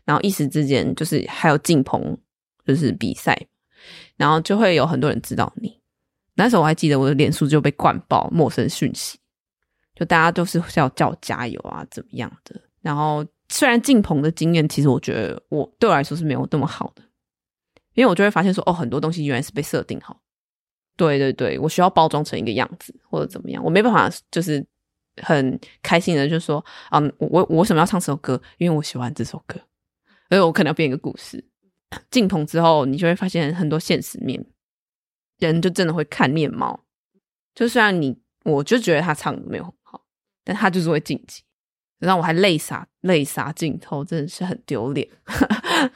然後一時之間，就是還有進棚，就是比賽，然後就會有很多人知道你。那時候我還記得我的臉書就被灌爆陌生訊息，就大家都是要叫我加油啊怎麼樣的。然後雖然進棚的經驗，其實我覺得我對我來說是沒有那麼好的。因為我就會發現說，哦，很多東西原來是被設定好，對對對，我需要包裝成一個樣子或者怎麼樣，我沒辦法就是很開心的就是說，嗯，我我為什麼要唱這首歌？因為我喜歡這首歌，而且我可能要編一個故事。鏡頭之後，你就會發現很多現實面，人就真的會看面貌。就雖然你，我就覺得他唱的沒有很好，但他就是會晉級，然後我還淚灑淚灑鏡頭，真的是很丟臉。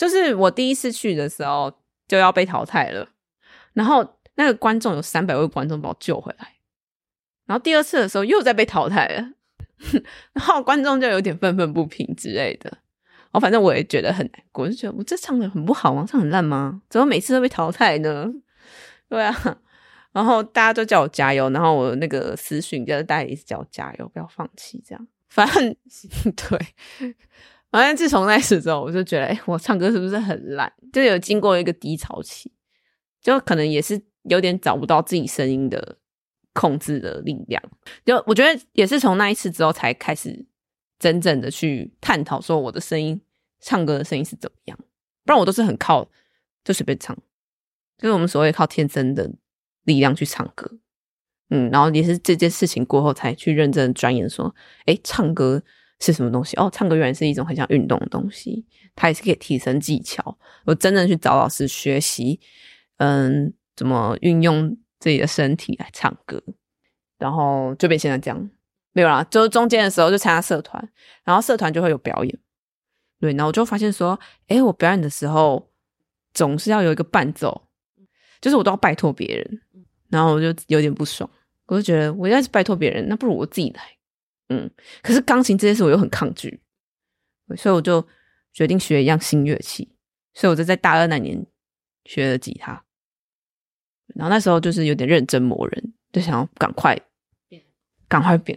就是我第一次去的時候就要被淘汰了，然後那個觀眾有三百位觀眾把我救回來，然後第二次的時候又在被淘汰了，然後觀眾就有點憤憤不平之類的。我、哦、反正我也覺得很難過，就覺得我這唱的很不好嘛，唱很爛嗎？怎麼每次都被淘汰呢？對啊，然後大家都叫我加油，然後我那個私訊就是大家一直叫我加油，不要放棄，這樣反正對。好像自從那一次之後，我就覺得，哎、欸，我唱歌是不是很爛？就有經過一個低潮期，就可能也是有點找不到自己聲音的控制的力量。就我覺得也是從那一次之後，才開始真正的去探討說我的聲音，唱歌的聲音是怎麼樣？不然我都是很靠就隨便唱，就是我們所謂靠天生的力量去唱歌。嗯，然後也是這件事情過後，才去認真鑽研說，哎、欸，唱歌，是什麼東西？哦，唱歌原來是一種很像運動的東西，它也是可以提升技巧。我真正去找老師學習，嗯，怎麼運用自己的身體來唱歌，然後就變現在這樣。沒有啦，就中間的時候就參加社團，然後社團就會有表演，對。然後我就發現說，誒，我表演的時候總是要有一個伴奏，就是我都要拜託別人，然後我就有點不爽，我就覺得我要是拜託別人，那不如我自己來。嗯，可是鋼琴這件事我又很抗拒，所以我就決定學一樣新樂器。所以我就在大二那年學了吉他，然後那時候就是有點認真磨人，就想要趕快變，趕快變，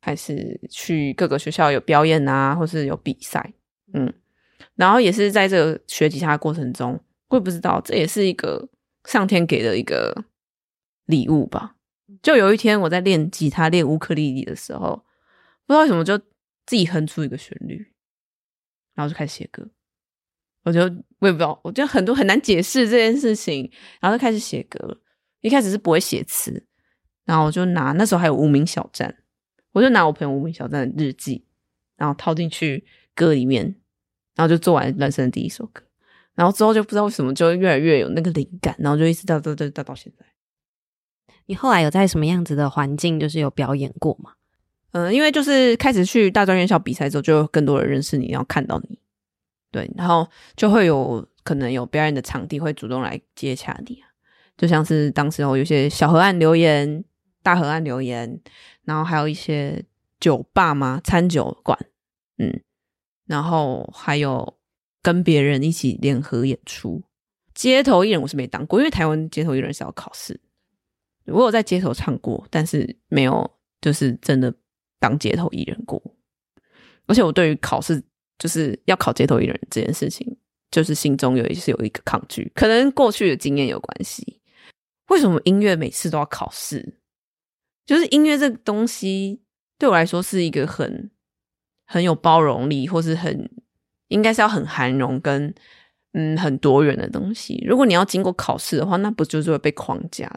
還是去各個學校有表演啊，或是有比賽。嗯，然後也是在這個學吉他的過程中，我也不知道這也是一個上天給的一個禮物吧。就有一天我在練吉他、練烏克麗麗的時候，不知道為什麼就自己哼出一個旋律，然後就開始寫歌。我就我也不知道，我就很多很難解釋這件事情。然後就開始寫歌，一開始是不會寫詞，然後我就拿那時候還有無名小站，我就拿我朋友無名小站的日記，然後套進去歌裡面，然後就做完人生的第一首歌。然後之後就不知道為什麼就越來越有那個靈感，然後就一直到到到到，到現在。你後來有在什麼樣子的環境就是有表演過嗎？嗯，因為就是開始去大專院校比賽之後，就更多人認識你，然後看到你，對，然後就會有可能有表演的場地會主動來接洽你，啊，就像是當時候有些小河岸留言、大河岸留言，然後還有一些酒吧嘛、餐酒館，嗯，然後還有跟別人一起聯合演出，街頭藝人我是沒當過，因為台灣街頭藝人是要考試，我有在街頭唱過，但是沒有，就是真的。當街頭藝人過，而且我對於考試就是要考街頭藝人這件事情，就是心中有是有一個抗拒，可能過去的經驗有關係。為什麼音樂每次都要考試？就是音樂這個東西對我來說是一個很很有包容力，或是很應該是要很涵容跟嗯很多元的東西。如果你要經過考試的話，那不就是會被框架。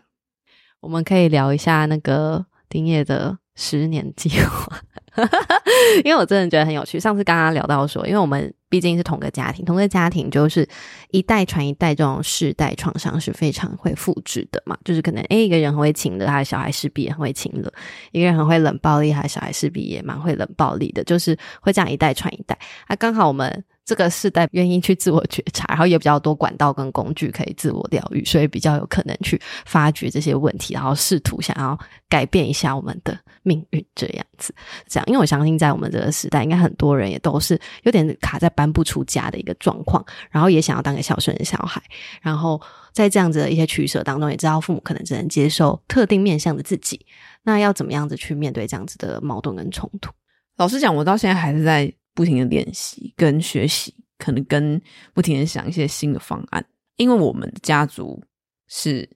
我們可以聊一下那個丁曄的。十年計劃，哈哈哈，因為我真的覺得很有趣。上次剛剛聊到說，因為我們畢竟是同個家庭，同個家庭就是一代傳一代，這種世代創傷是非常會複製的嘛。就是可能誒、欸、一個人很會情勒，他的小孩勢必也很會情勒；一個人很會冷暴力，他的小孩勢必也蠻會冷暴力的。就是會這樣一代傳一代。啊，剛好我們。這個世代願意去自我覺察，然後也比較多管道跟工具可以自我療癒，所以比較有可能去發掘這些問題，然後試圖想要改變一下我們的命運。這樣子，這樣，因為我相信在我們這個時代，應該很多人也都是有點卡在搬不出家的一個狀況，然後也想要當個孝順的小孩，然後在這樣子的一些取捨當中，也知道父母可能只能接受特定面向的自己，那要怎麼樣子去面對這樣子的矛盾跟衝突？
老實講，我到現在還是在。不停的練習跟學習，可能跟不停的想一些新的方案，因為我們的家族是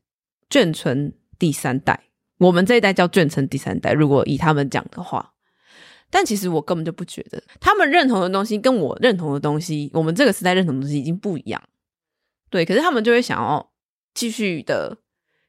眷村第三代，我們這一代叫眷村第三代。如果以他們講的話，但其實我根本就不覺得他們認同的東西跟我認同的東西，我們這個時代認同的東西已經不一樣。對，可是他們就會想要繼續的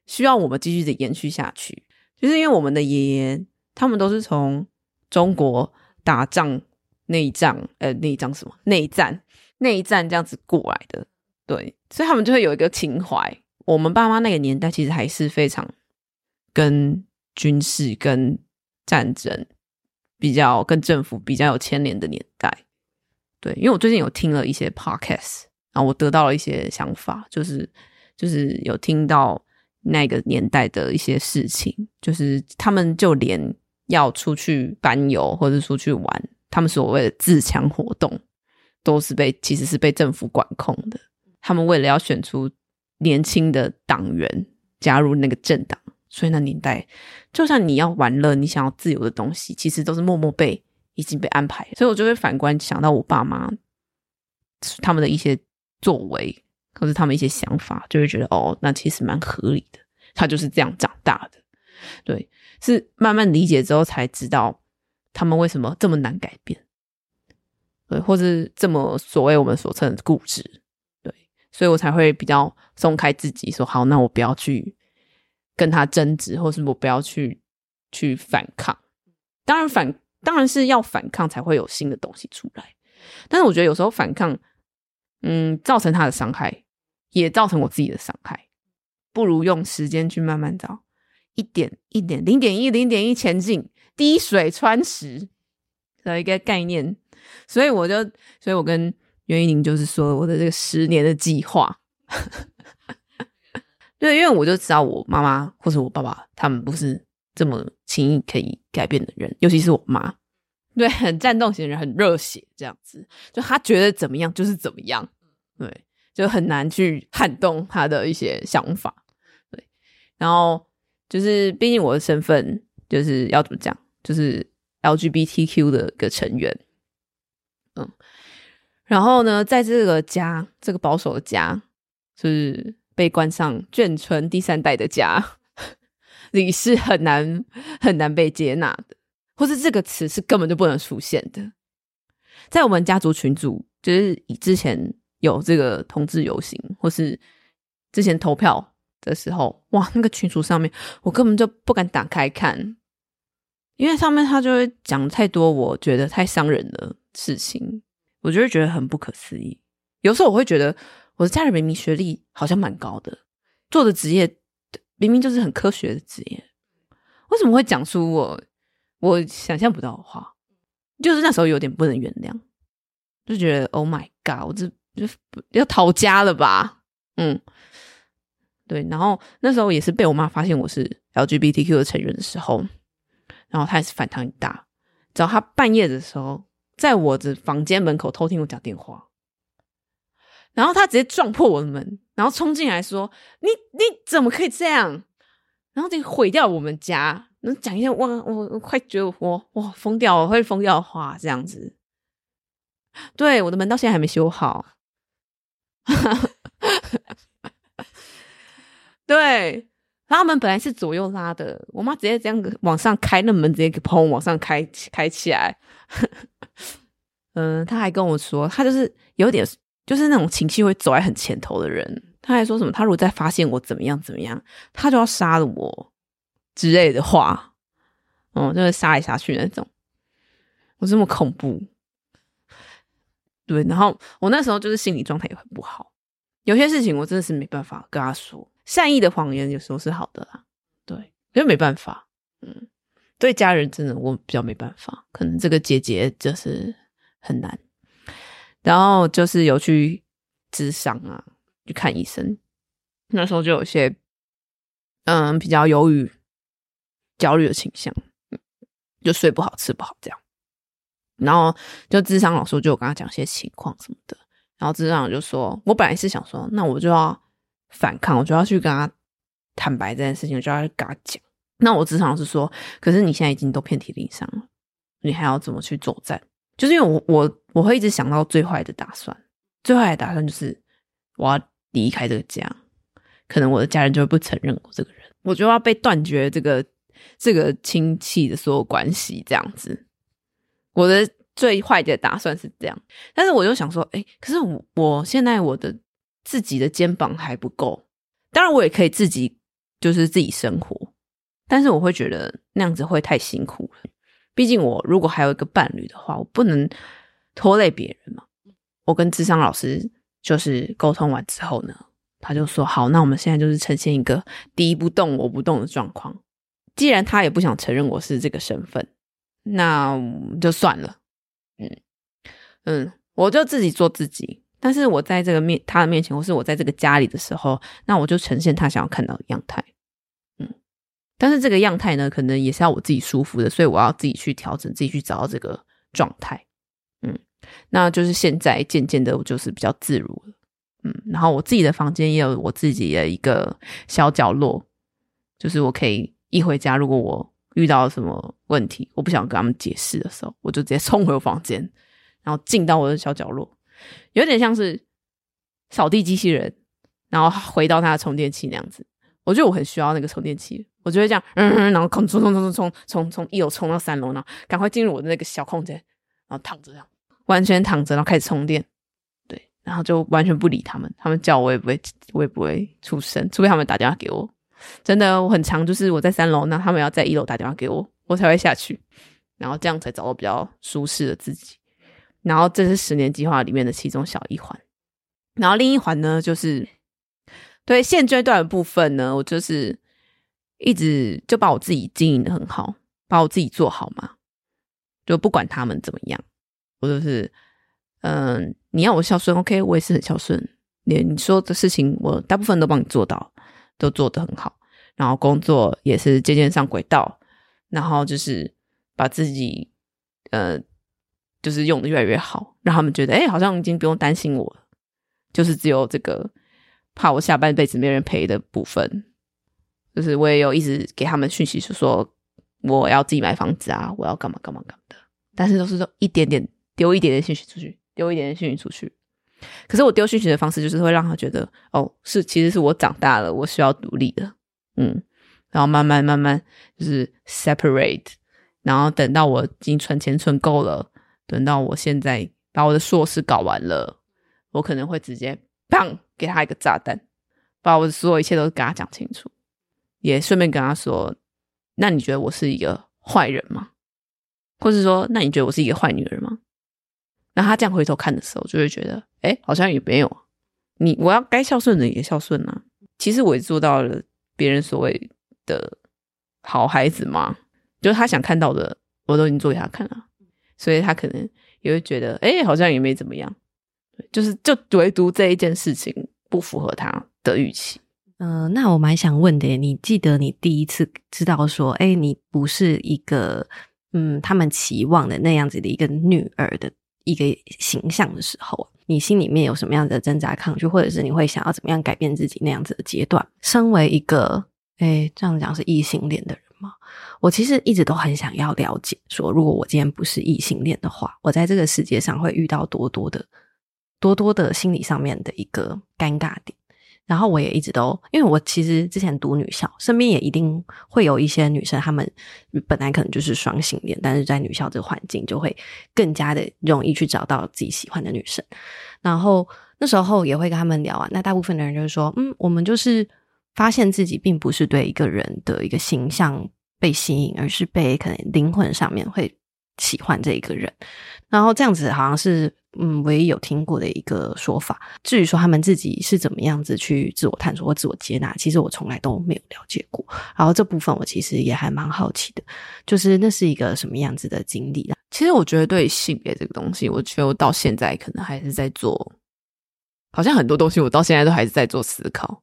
需要我們繼續的延續下去，就是因為我們的爺爺他們都是從中國打仗內戰，呃、欸，內戰什麼？內戰，內戰這樣子過來的，對，所以他們就會有一個情懷。我們爸媽那個年代其實還是非常跟軍事、跟戰爭比較、跟政府比較有牽連的年代。對，因為我最近有聽了一些 podcast 啊，然後我得到了一些想法，就是就是有聽到那個年代的一些事情，就是他們就連要出去班遊或者出去玩，他們所謂的自強活動，都是被其實是被政府管控的。他們為了要選出年輕的黨員加入那個政黨，所以那年代就像你要玩樂，你想要自由的東西，其實都是默默被已經被安排。所以我就會反觀，想到我爸媽他們的一些作為，或是他們一些想法，就會覺得哦，那其實蠻合理的。他就是這樣長大的，對，是慢慢理解之後才知道。他們為什麼這麼難改變？對，或是這麼所謂我們所稱的固執，對，所以我才會比較鬆開自己，說好，那我不要去跟他爭執，或是我不要去去反抗。當然反，當然是要反抗才會有新的東西出來，但是我覺得有時候反抗，嗯，造成他的傷害，也造成我自己的傷害，不如用時間去慢慢找，一點，一點，零點一，零點一前進。滴水穿石的一個概念，所以我就，所以我跟袁一寧就是說我的這個十年的計劃。 對，因為我就知道我媽媽或者我爸爸他們不是這麼輕易可以改變的人，尤其是我媽，對，很戰鬥型的人，很熱血這樣子，就他覺得怎麼樣就是怎麼樣，對，就很難去撼動他的一些想法，對，然後就是畢竟我的身份就是要怎麼講？就是 LGBTQ 的一個成員，嗯，然後呢，在這個家，這個保守的家，就是被關上眷村第三代的家，你是很難很難被接納的，或是這個詞是根本就不能出現的。在我們家族群組，就是以之前有這個同志遊行，或是之前投票的時候，哇，那個群組上面，我根本就不敢打開看。因為上面他就會講太多，我覺得太傷人的事情，我就會覺得很不可思議。有時候我會覺得，我的家人明明學歷好像蠻高的，做的職業明明就是很科學的職業，為什麼會講出我我想象不到的話？就是那時候有點不能原諒，就覺得 Oh my God，我這就要逃家了吧？嗯，對。然後那時候也是被我媽發現我是 LGBTQ 的成員的時候。然後他也是反彈很大，只要他半夜的時候，在我的房間門口偷聽我講電話，然後他直接撞破我的門，然後衝進來說：“你你怎麼可以這樣？”然後就毀掉我們家，能講一下我我，我快覺得我哇瘋掉，我會瘋掉的話這樣子，對我的門到現在還沒修好，哈哈，對。拉門本來是左右拉的，我媽直接這樣往上開，那門直接砰往上開開起來。 嗯，他還跟我說，他就是有點，就是那種情緒會走在很前頭的人。他還說什麼，他如果再發現我怎麼樣怎麼樣，他就要殺了我之類的話。嗯，就是殺來殺去那種。我這麼恐怖，對。然後我那時候就是心理狀態也很不好，有些事情我真的是沒辦法跟他說。善意的謊言有時候是好的啦，對，因為沒辦法，嗯，對家人真的我比較沒辦法，可能這個姐姐就是很難。然後就是有去諮商啊，去看醫生，那時候就有些嗯比較憂鬱、焦慮的傾向，就睡不好、吃不好這樣。然後就諮商老師就有跟他講些情況什麼的，然後諮商老師就說，我本來是想說，那我就要。反抗，我就要去跟他坦白這件事情，我就要去跟他講。那我只想是說，可是你現在已經都遍體鱗傷了，你還要怎麼去作戰？就是因為我我我會一直想到最壞的打算，最壞的打算就是我要離開這個家，可能我的家人就會不承認我這個人，我就要被斷絕這個這個親戚的所有關係，這樣子。我的最壞的打算是這樣，但是我就想說，誒，可是我我現在我的。自己的肩膀還不夠，當然我也可以自己就是自己生活，但是我會覺得那樣子會太辛苦了。畢竟我如果還有一個伴侶的話，我不能拖累別人嘛。我跟諮商老師就是溝通完之後呢，他就說：“好，那我們現在就是呈現一個敵不動我不動的狀況。既然他也不想承認我是這個身份，那就算了。嗯嗯，我就自己做自己。”但是我在這個面他的面前，或是我在這個家裡的時候，那我就呈現他想要看到的樣態，嗯。但是這個樣態呢，可能也是要我自己舒服的，所以我要自己去調整，自己去找到這個狀態，嗯。那就是現在漸漸的，我就是比較自如了，嗯。然後我自己的房間也有我自己的一個小角落，就是我可以一回家，如果我遇到什麼問題，我不想跟他們解釋的時候，我就直接衝回我房間，然後進到我的小角落。有點像是掃地機器人，然後回到它的充電器那樣子。我覺得我很需要那個充電器。我就會這樣，嗯，然後從衝衝衝衝從從一樓衝到三樓呢，然後趕快進入我的那個小空間，然後躺着完全躺着，然後開始充電。對，然後就完全不理他們，他們叫我也不會，我也不會出聲，除非他們打電話給我。真的，我很常就是我在三樓，那他們要在一樓打電話給我，我才會下去，然後這樣才找我比較舒適的自己。然後這是十年計劃裡面的其中小一環，然後另一環呢，就是對現階段的部分呢，我就是一直就把我自己經營得很好，把我自己做好嘛，就不管他們怎麼樣，我就是嗯、呃，你要我孝順，OK，我也是很孝順，連你說的事情，我大部分都幫你做到，都做得很好，然後工作也是漸漸上軌道，然後就是把自己嗯。呃就是用的越來越好，讓他們覺得哎、欸，好像已經不用擔心我了，就是只有這個怕我下半輩子沒人陪的部分。就是我也有一直給他們訊息，是說我要自己買房子啊，我要幹嘛幹嘛幹嘛的。但是都是說一點點丟一點點訊息出去，丟一點點訊息出去。可是我丟訊息的方式，就是會讓他覺得哦，是其實是我長大了，我需要獨立的，嗯，然後慢慢慢慢就是 separate，然後等到我已經存錢存夠了。等到我現在把我的碩士搞完了，我可能會直接砰給他一個炸彈，把我的所有一切都跟他講清楚，也順便跟他說：“那你覺得我是一個壞人嗎？或是說，那你覺得我是一個壞女人嗎？”那他這樣回頭看的時候，就會覺得：“哎，好像也沒有，你我要該孝順的也孝順啊，其實我也做到了別人所謂的好孩子嘛，就是他想看到的，我都已經做給他看了。”所以他可能也會覺得，哎、欸，好像也沒怎麼樣，對，就是就唯獨這一件事情不符合他的預期。嗯、
呃，那我蠻想問的，你記得你第一次知道說，哎、欸，你不是一個，嗯，他們期望的那樣子的一個女兒的一個形象的時候啊，你心裡面有什麼樣的掙扎、抗拒，或者是你會想要怎麼樣改變自己那樣子的階段？身為一個，哎、欸，這樣講是異性戀的人。我其實一直都很想要了解，說如果我今天不是異性戀的話，我在這個世界上會遇到多多的、多多的心理上面的一個尷尬點。然後我也一直都，因為我其實之前讀女校，身邊也一定會有一些女生，她們本來可能就是雙性戀，但是在女校這個環境就會更加的容易去找到自己喜歡的女生。然後那時候也會跟她們聊啊，那大部分的人就是說，嗯，我們就是發現自己並不是對一個人的一個形象。被吸引，而是被可能靈魂上面會喜歡這一個人，然後這樣子好像是嗯唯一有聽過的一個說法。至於說他們自己是怎麼樣子去自我探索或自我接納，其實我從來都沒有了解過。然後這部分
我其實也還蠻好奇的，就是那是一個什麼樣子的經歷呢，啊？其實我覺得對性別這個東西，我覺得我到現在可能還是在做，好像很多東西我到現在都還是在做思考。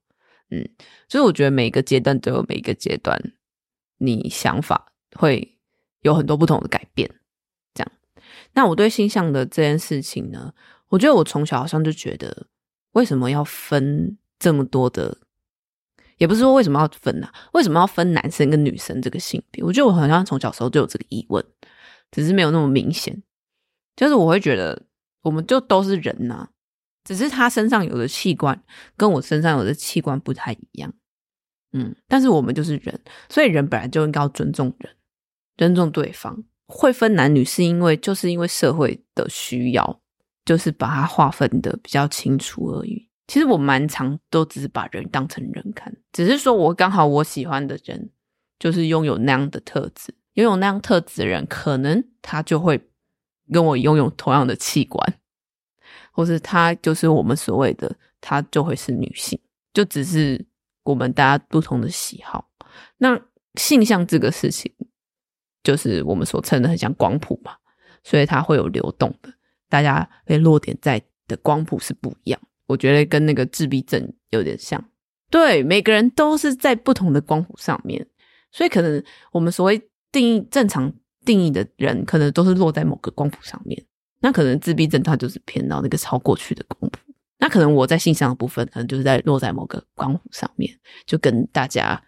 嗯，所以我覺得每一個階段都有每一個階段，你想法會有很多不同的改變，這樣。那我對性向的這件事情呢，我覺得我從小好像就覺得，為什麼要分這麼多的？也不是說為什麼要分啊？為什麼要分男生跟女生這個性別？我覺得我好像從小時候就有這個疑問，只是沒有那麼明顯。就是我會覺得，我們就都是人吶，只是他身上有的器官跟我身上有的器官不太一樣。嗯，但是我們就是人，所以人本來就應該要尊重人，尊重對方。會分男女是因為，就是因為社會的需要，就是把它劃分得比較清楚而已。其實我蠻常都只是把人當成人看，只是說我剛好我喜歡的人，就是擁有那樣的特質，擁有那樣特質的人，可能他就會跟我擁有同樣的器官，或是他就是我們所謂的，他就會是女性，就只是。我們大家不同的喜好，那性向這個事情，就是我們所稱的很像光譜嘛，所以它會有流動的，大家被落點在的光譜是不一樣。我覺得跟那個自閉症有點像，對，每個人都是在不同的光譜上面，所以可能我們所謂定義正常定義的人，可能都是落在某個光譜上面，那可能自閉症它就是偏到那個超過去的光譜。那可能我在性向的部分，可能就是在落在某個光譜上面，就跟大家，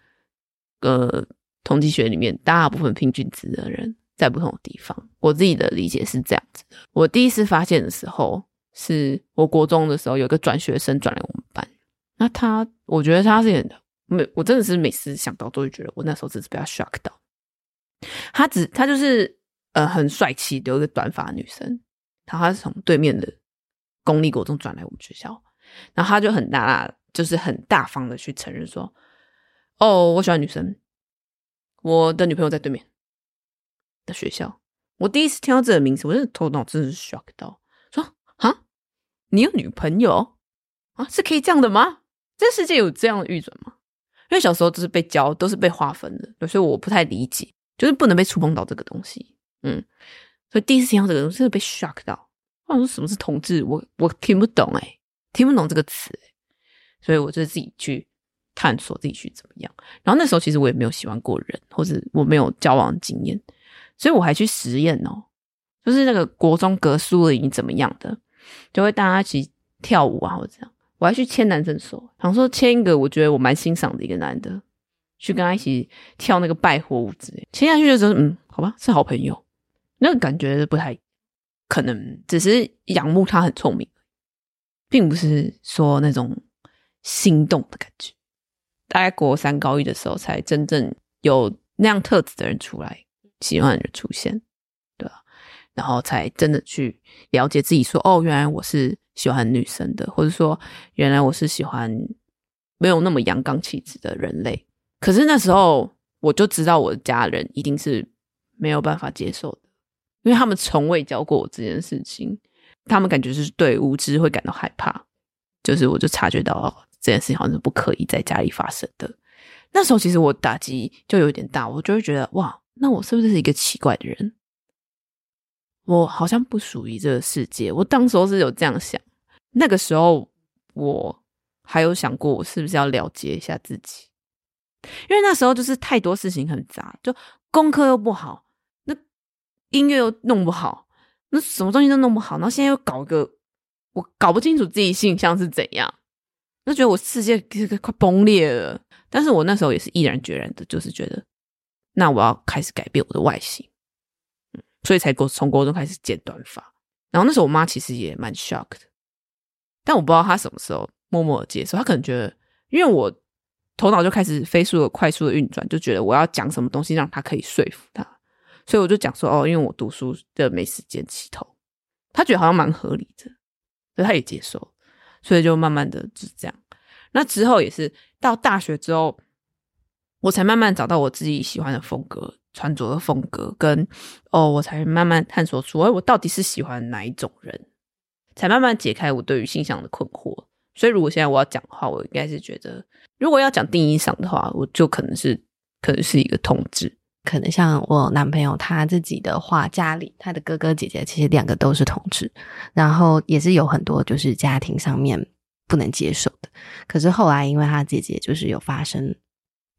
呃，統計學裡面大部分平均值的人在不同的地方。我自己的理解是這樣子的。我第一次發現的時候是，我國中的時候有一個轉學生轉來我們班，那他，我覺得他是很，每，我真的是每次想到都會覺得我那時候只是被他 shock 到。他只，他就是，呃，很帥氣，有一個短髮女生，然後他是從對面的。公立高中轉來我們學校，然後他就很大，大，就是很大方的去承認說：“哦，我喜歡女生，我的女朋友在對面的學校。”我第一次聽到這個名字，我真的頭腦真是 shock 到，說：“啊，你有女朋友啊？是可以這樣的嗎？這世界有這樣的預準嗎？”因為小時候都是被教，都是被劃分的，所以我不太理解，就是不能被觸碰到這個東西。嗯，所以第一次聽到這個，我真的被 shock 到。我說什麼是同志？我我聽不懂哎、欸，聽不懂這個詞、欸，所以我就自己去探索，自己去怎麼樣。然後那時候其實我也沒有喜歡過人，或者我沒有交往經驗，所以我還去實驗哦、喔，就是那個國中格已經怎麼樣的，就會大家一起跳舞啊，或者這樣。我還去牽男生手，想說牽一個我覺得我蠻欣賞的一個男的，去跟他一起跳那個拜火舞之類。牽下去的時候，嗯，好吧，是好朋友，那個感覺不太。可能只是仰慕他很聰明，並不是說那種心動的感覺。大概國三、高一的時候，才真正有那樣特質的人出來，喜歡的人出現，對啊，然後才真的去了解自己，說：“哦，原來我是喜歡女生的，或者說，原來我是喜歡沒有那麼陽剛氣質的人類。”可是那時候，我就知道我的家人一定是沒有辦法接受的。因為他們從未教過我這件事情，他們感覺是對無知會感到害怕，就是我就察覺到這件事情好像是不可以在家裡發生的。那時候其實我打擊就有點大，我就會覺得哇，那我是不是一個奇怪的人？我好像不屬於這個世界。我當時候是有這樣想，那個時候我還有想過，我是不是要了結一下自己？因為那時候就是太多事情很雜，就功課又不好。音樂又弄不好，那什麼東西都弄不好，然後現在又搞一個，我搞不清楚自己性向是怎樣，就覺得我世界快崩裂了。但是我那時候也是毅然決然的，就是覺得，那我要開始改變我的外形，嗯、所以才過從高中開始剪短髮。然後那時候我媽其實也蠻 shock 的，但我不知道她什麼時候默默的接受。她可能覺得，因為我頭腦就開始飛速的、快速的運轉，就覺得我要講什麼東西讓她可以說服她。所以我就講說哦，因為我讀書的沒時間起頭，他覺得好像蠻合理的，所以他也接受，所以就慢慢的是這樣。那之後也是到大學之後，我才慢慢找到我自己喜歡的風格、穿着的風格，跟哦，我才慢慢探索出，哎、欸，我到底是喜歡哪一種人，才慢慢解開我對於性向的困惑。所以如果現在我要講的話，我應該是覺得，如果要講定義上的話，我就可能是可能是一個
同志。可能像我男朋友他自己的話，家裡他的哥哥姐姐其實兩個都是同志，然後也是有很多就是家庭上面不能接受的。可是後來，因為他姐姐就是有發生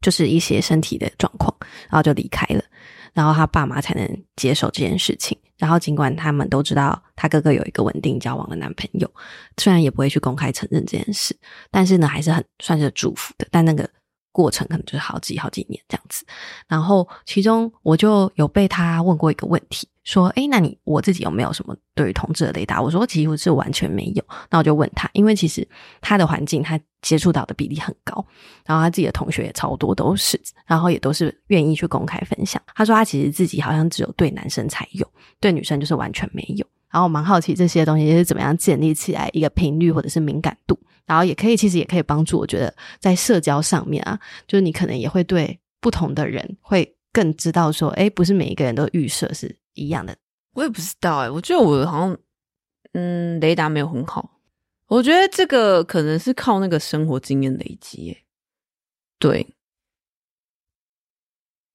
就是一些身體的狀況，然後就離開了，然後他爸媽才能接受這件事情。然後儘管他們都知道他哥哥有一個穩定交往的男朋友，雖然也不會去公開承認這件事，但是呢還是很算是祝福的。但那個。過程可能就是好幾好幾年這樣子，然後其中我就有被他問過一個問題，說：“哎、欸，那你我自己有沒有什麼對於同志的雷達？”我說：“幾乎是完全沒有。”那我就問他，因為其實他的環境，他接觸到的比例很高，然後他自己的同學也超多都是，然後也都是願意去公開分享。他說他其實自己好像只有對男生才有，對女生就是完全沒有。然後我蠻好奇這些東西就是怎麼樣建立起來一個頻率或者是敏感度。然後也可以，其實也可以幫助。我覺得在社交上面啊，就是你可能也會對不同的人會更知道說，哎，不是每一個人都預設是一樣的。我也不知道哎、欸，我覺得
我好像，嗯，雷達沒有很好。我覺得這個可能是靠那個生活經驗累積，欸，對，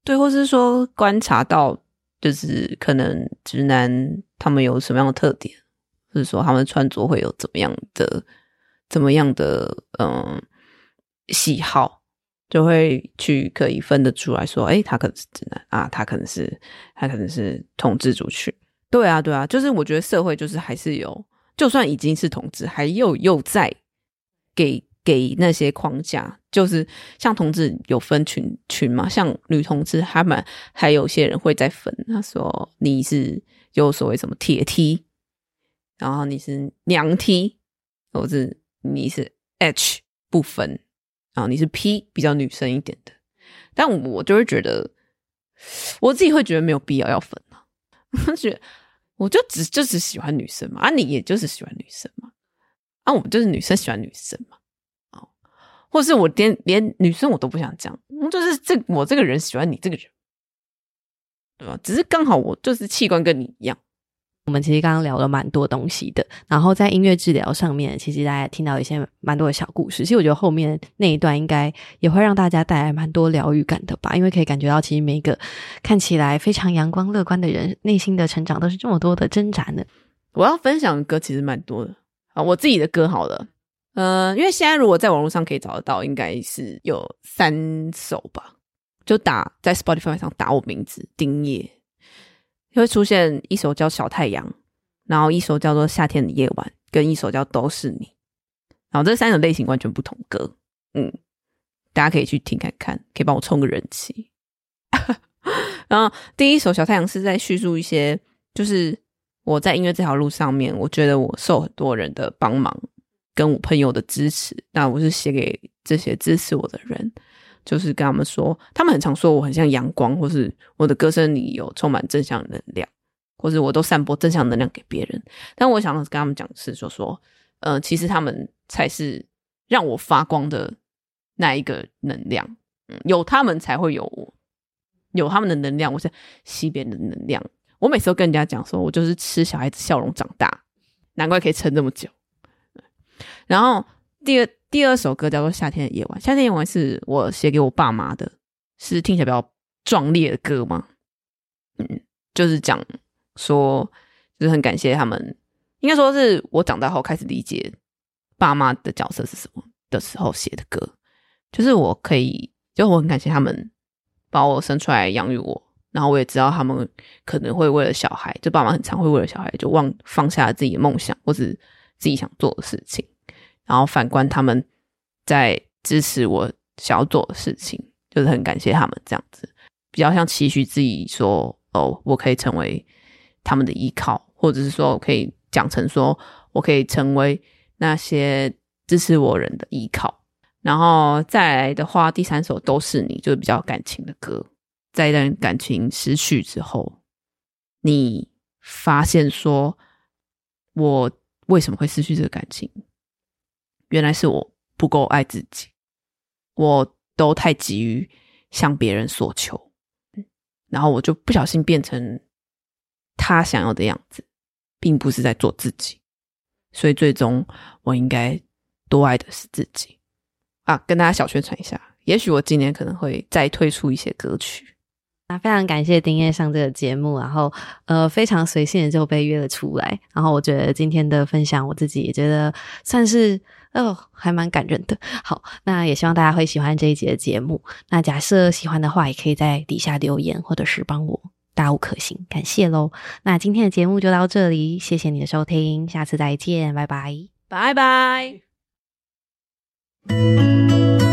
對，或是說觀察到，就是可能直男他們有什麼樣的特點，或者說他們穿着會有怎麼樣的。怎麼樣的嗯，喜好，就會去可以分得出來說，說誒，他可能是直男啊，他可能是他可能是同志族群。對啊，對啊，就是我覺得社會就是還是有，就算已經是同志，還又又在給給那些框架，就是像同志有分群群嘛，像女同志他們還有些人會在分，他說你是有所謂什麼鐵 T，然後你是娘 T，或是。你是 H 不分啊，哦，你是 P 比較女生一點的，但我就會覺得，我自己會覺得沒有必要要分啊。我覺我就只就只是喜歡女生嘛，啊，你也就是喜歡女生嘛，啊，我們就是女生喜歡女生嘛，啊、哦，或是我連連女生我都不想講，就是這我這個人喜歡你這個人，對吧？只是剛好我就是器官跟你一樣。我們其實剛
剛聊了蠻多東西的，然後在音樂治療上面，其實大家聽到一些蠻多的小故事。其實我覺得後面那一段應該也會讓大家帶來蠻多療癒感的吧，因為可以感覺到其實每一個看起來非常陽光樂觀的人，內心的成長都是這麼多的掙扎呢。
我要分享的歌其實蠻多的啊，我自己的歌好了，嗯、呃，因為現在如果在網絡上可以找得到，應該是有三首吧，就打在 Spotify 上打我名字丁曄。就會出現一首叫《小太陽》，然後一首叫做《夏天的夜晚》，跟一首叫《都是你》，然後這三種類型完全不同歌，嗯，大家可以去聽看看，可以幫我衝個人氣。 然後第一首《小太陽》是在敘述一些，就是我在音樂這條路上面，我覺得我受很多人的幫忙，跟我朋友的支持，那我是寫給這些支持我的人。就是跟他們說，他們很常說我很像陽光，或是我的歌聲裡有充滿正向的能量，或是我都散播正向的能量給別人。但我想跟他們講的是，說說，呃，其實他們才是讓我發光的那一個能量，有他們才會有我，有他們的能量，我是西邊的能量。我每次都跟人家講說，說我就是吃小孩子笑容長大，難怪可以撐這麼久。然後第二。第二首歌叫做《夏天的夜晚》，《夏天夜晚》是我寫給我爸媽的，是聽起來比較壯烈的歌嗎？嗯，就是講說，就是很感謝他們，應該說是我長大後開始理解爸媽的角色是什麼的時候寫的歌，就是我可以，就我很感謝他們把我生出來養育我，然後我也知道他們可能會為了小孩，就爸媽很常會為了小孩就忘放下自己的夢想或是自己想做的事情。然後反觀他們，在支持我想要做的事情，就是很感謝他們這樣子，比較像期許自己說：“哦，我可以成為他們的依靠，或者是說我可以講成說我可以成為那些支持我人的依靠。”然後再來的話，第三首都是你，就是比較有感情的歌，在一段感情失去之後，你發現說：“我為什麼會失去這個感情？”原來是我不夠愛自己，我都太急於向別人索求，然後我就不小心變成他想要的樣子，並不是在做自己。所以最終我應該多愛的是自己啊！跟大家小宣傳一下，也許我今年可能會再推出一些歌曲。
那、啊、非常感謝丁曄上這個節目，然後呃，非常隨性地就被約了出來。然後我覺得今天的分享，我自己也覺得算是。哦，還蠻感人的。好，那也希望大家會喜歡這一集的節目。那假設喜歡的話，也可以在底下留言，或者是幫我打五顆星，感謝嘍。那今天的節目就到這裡，謝謝你的收聽，下次再見，拜拜，
拜拜。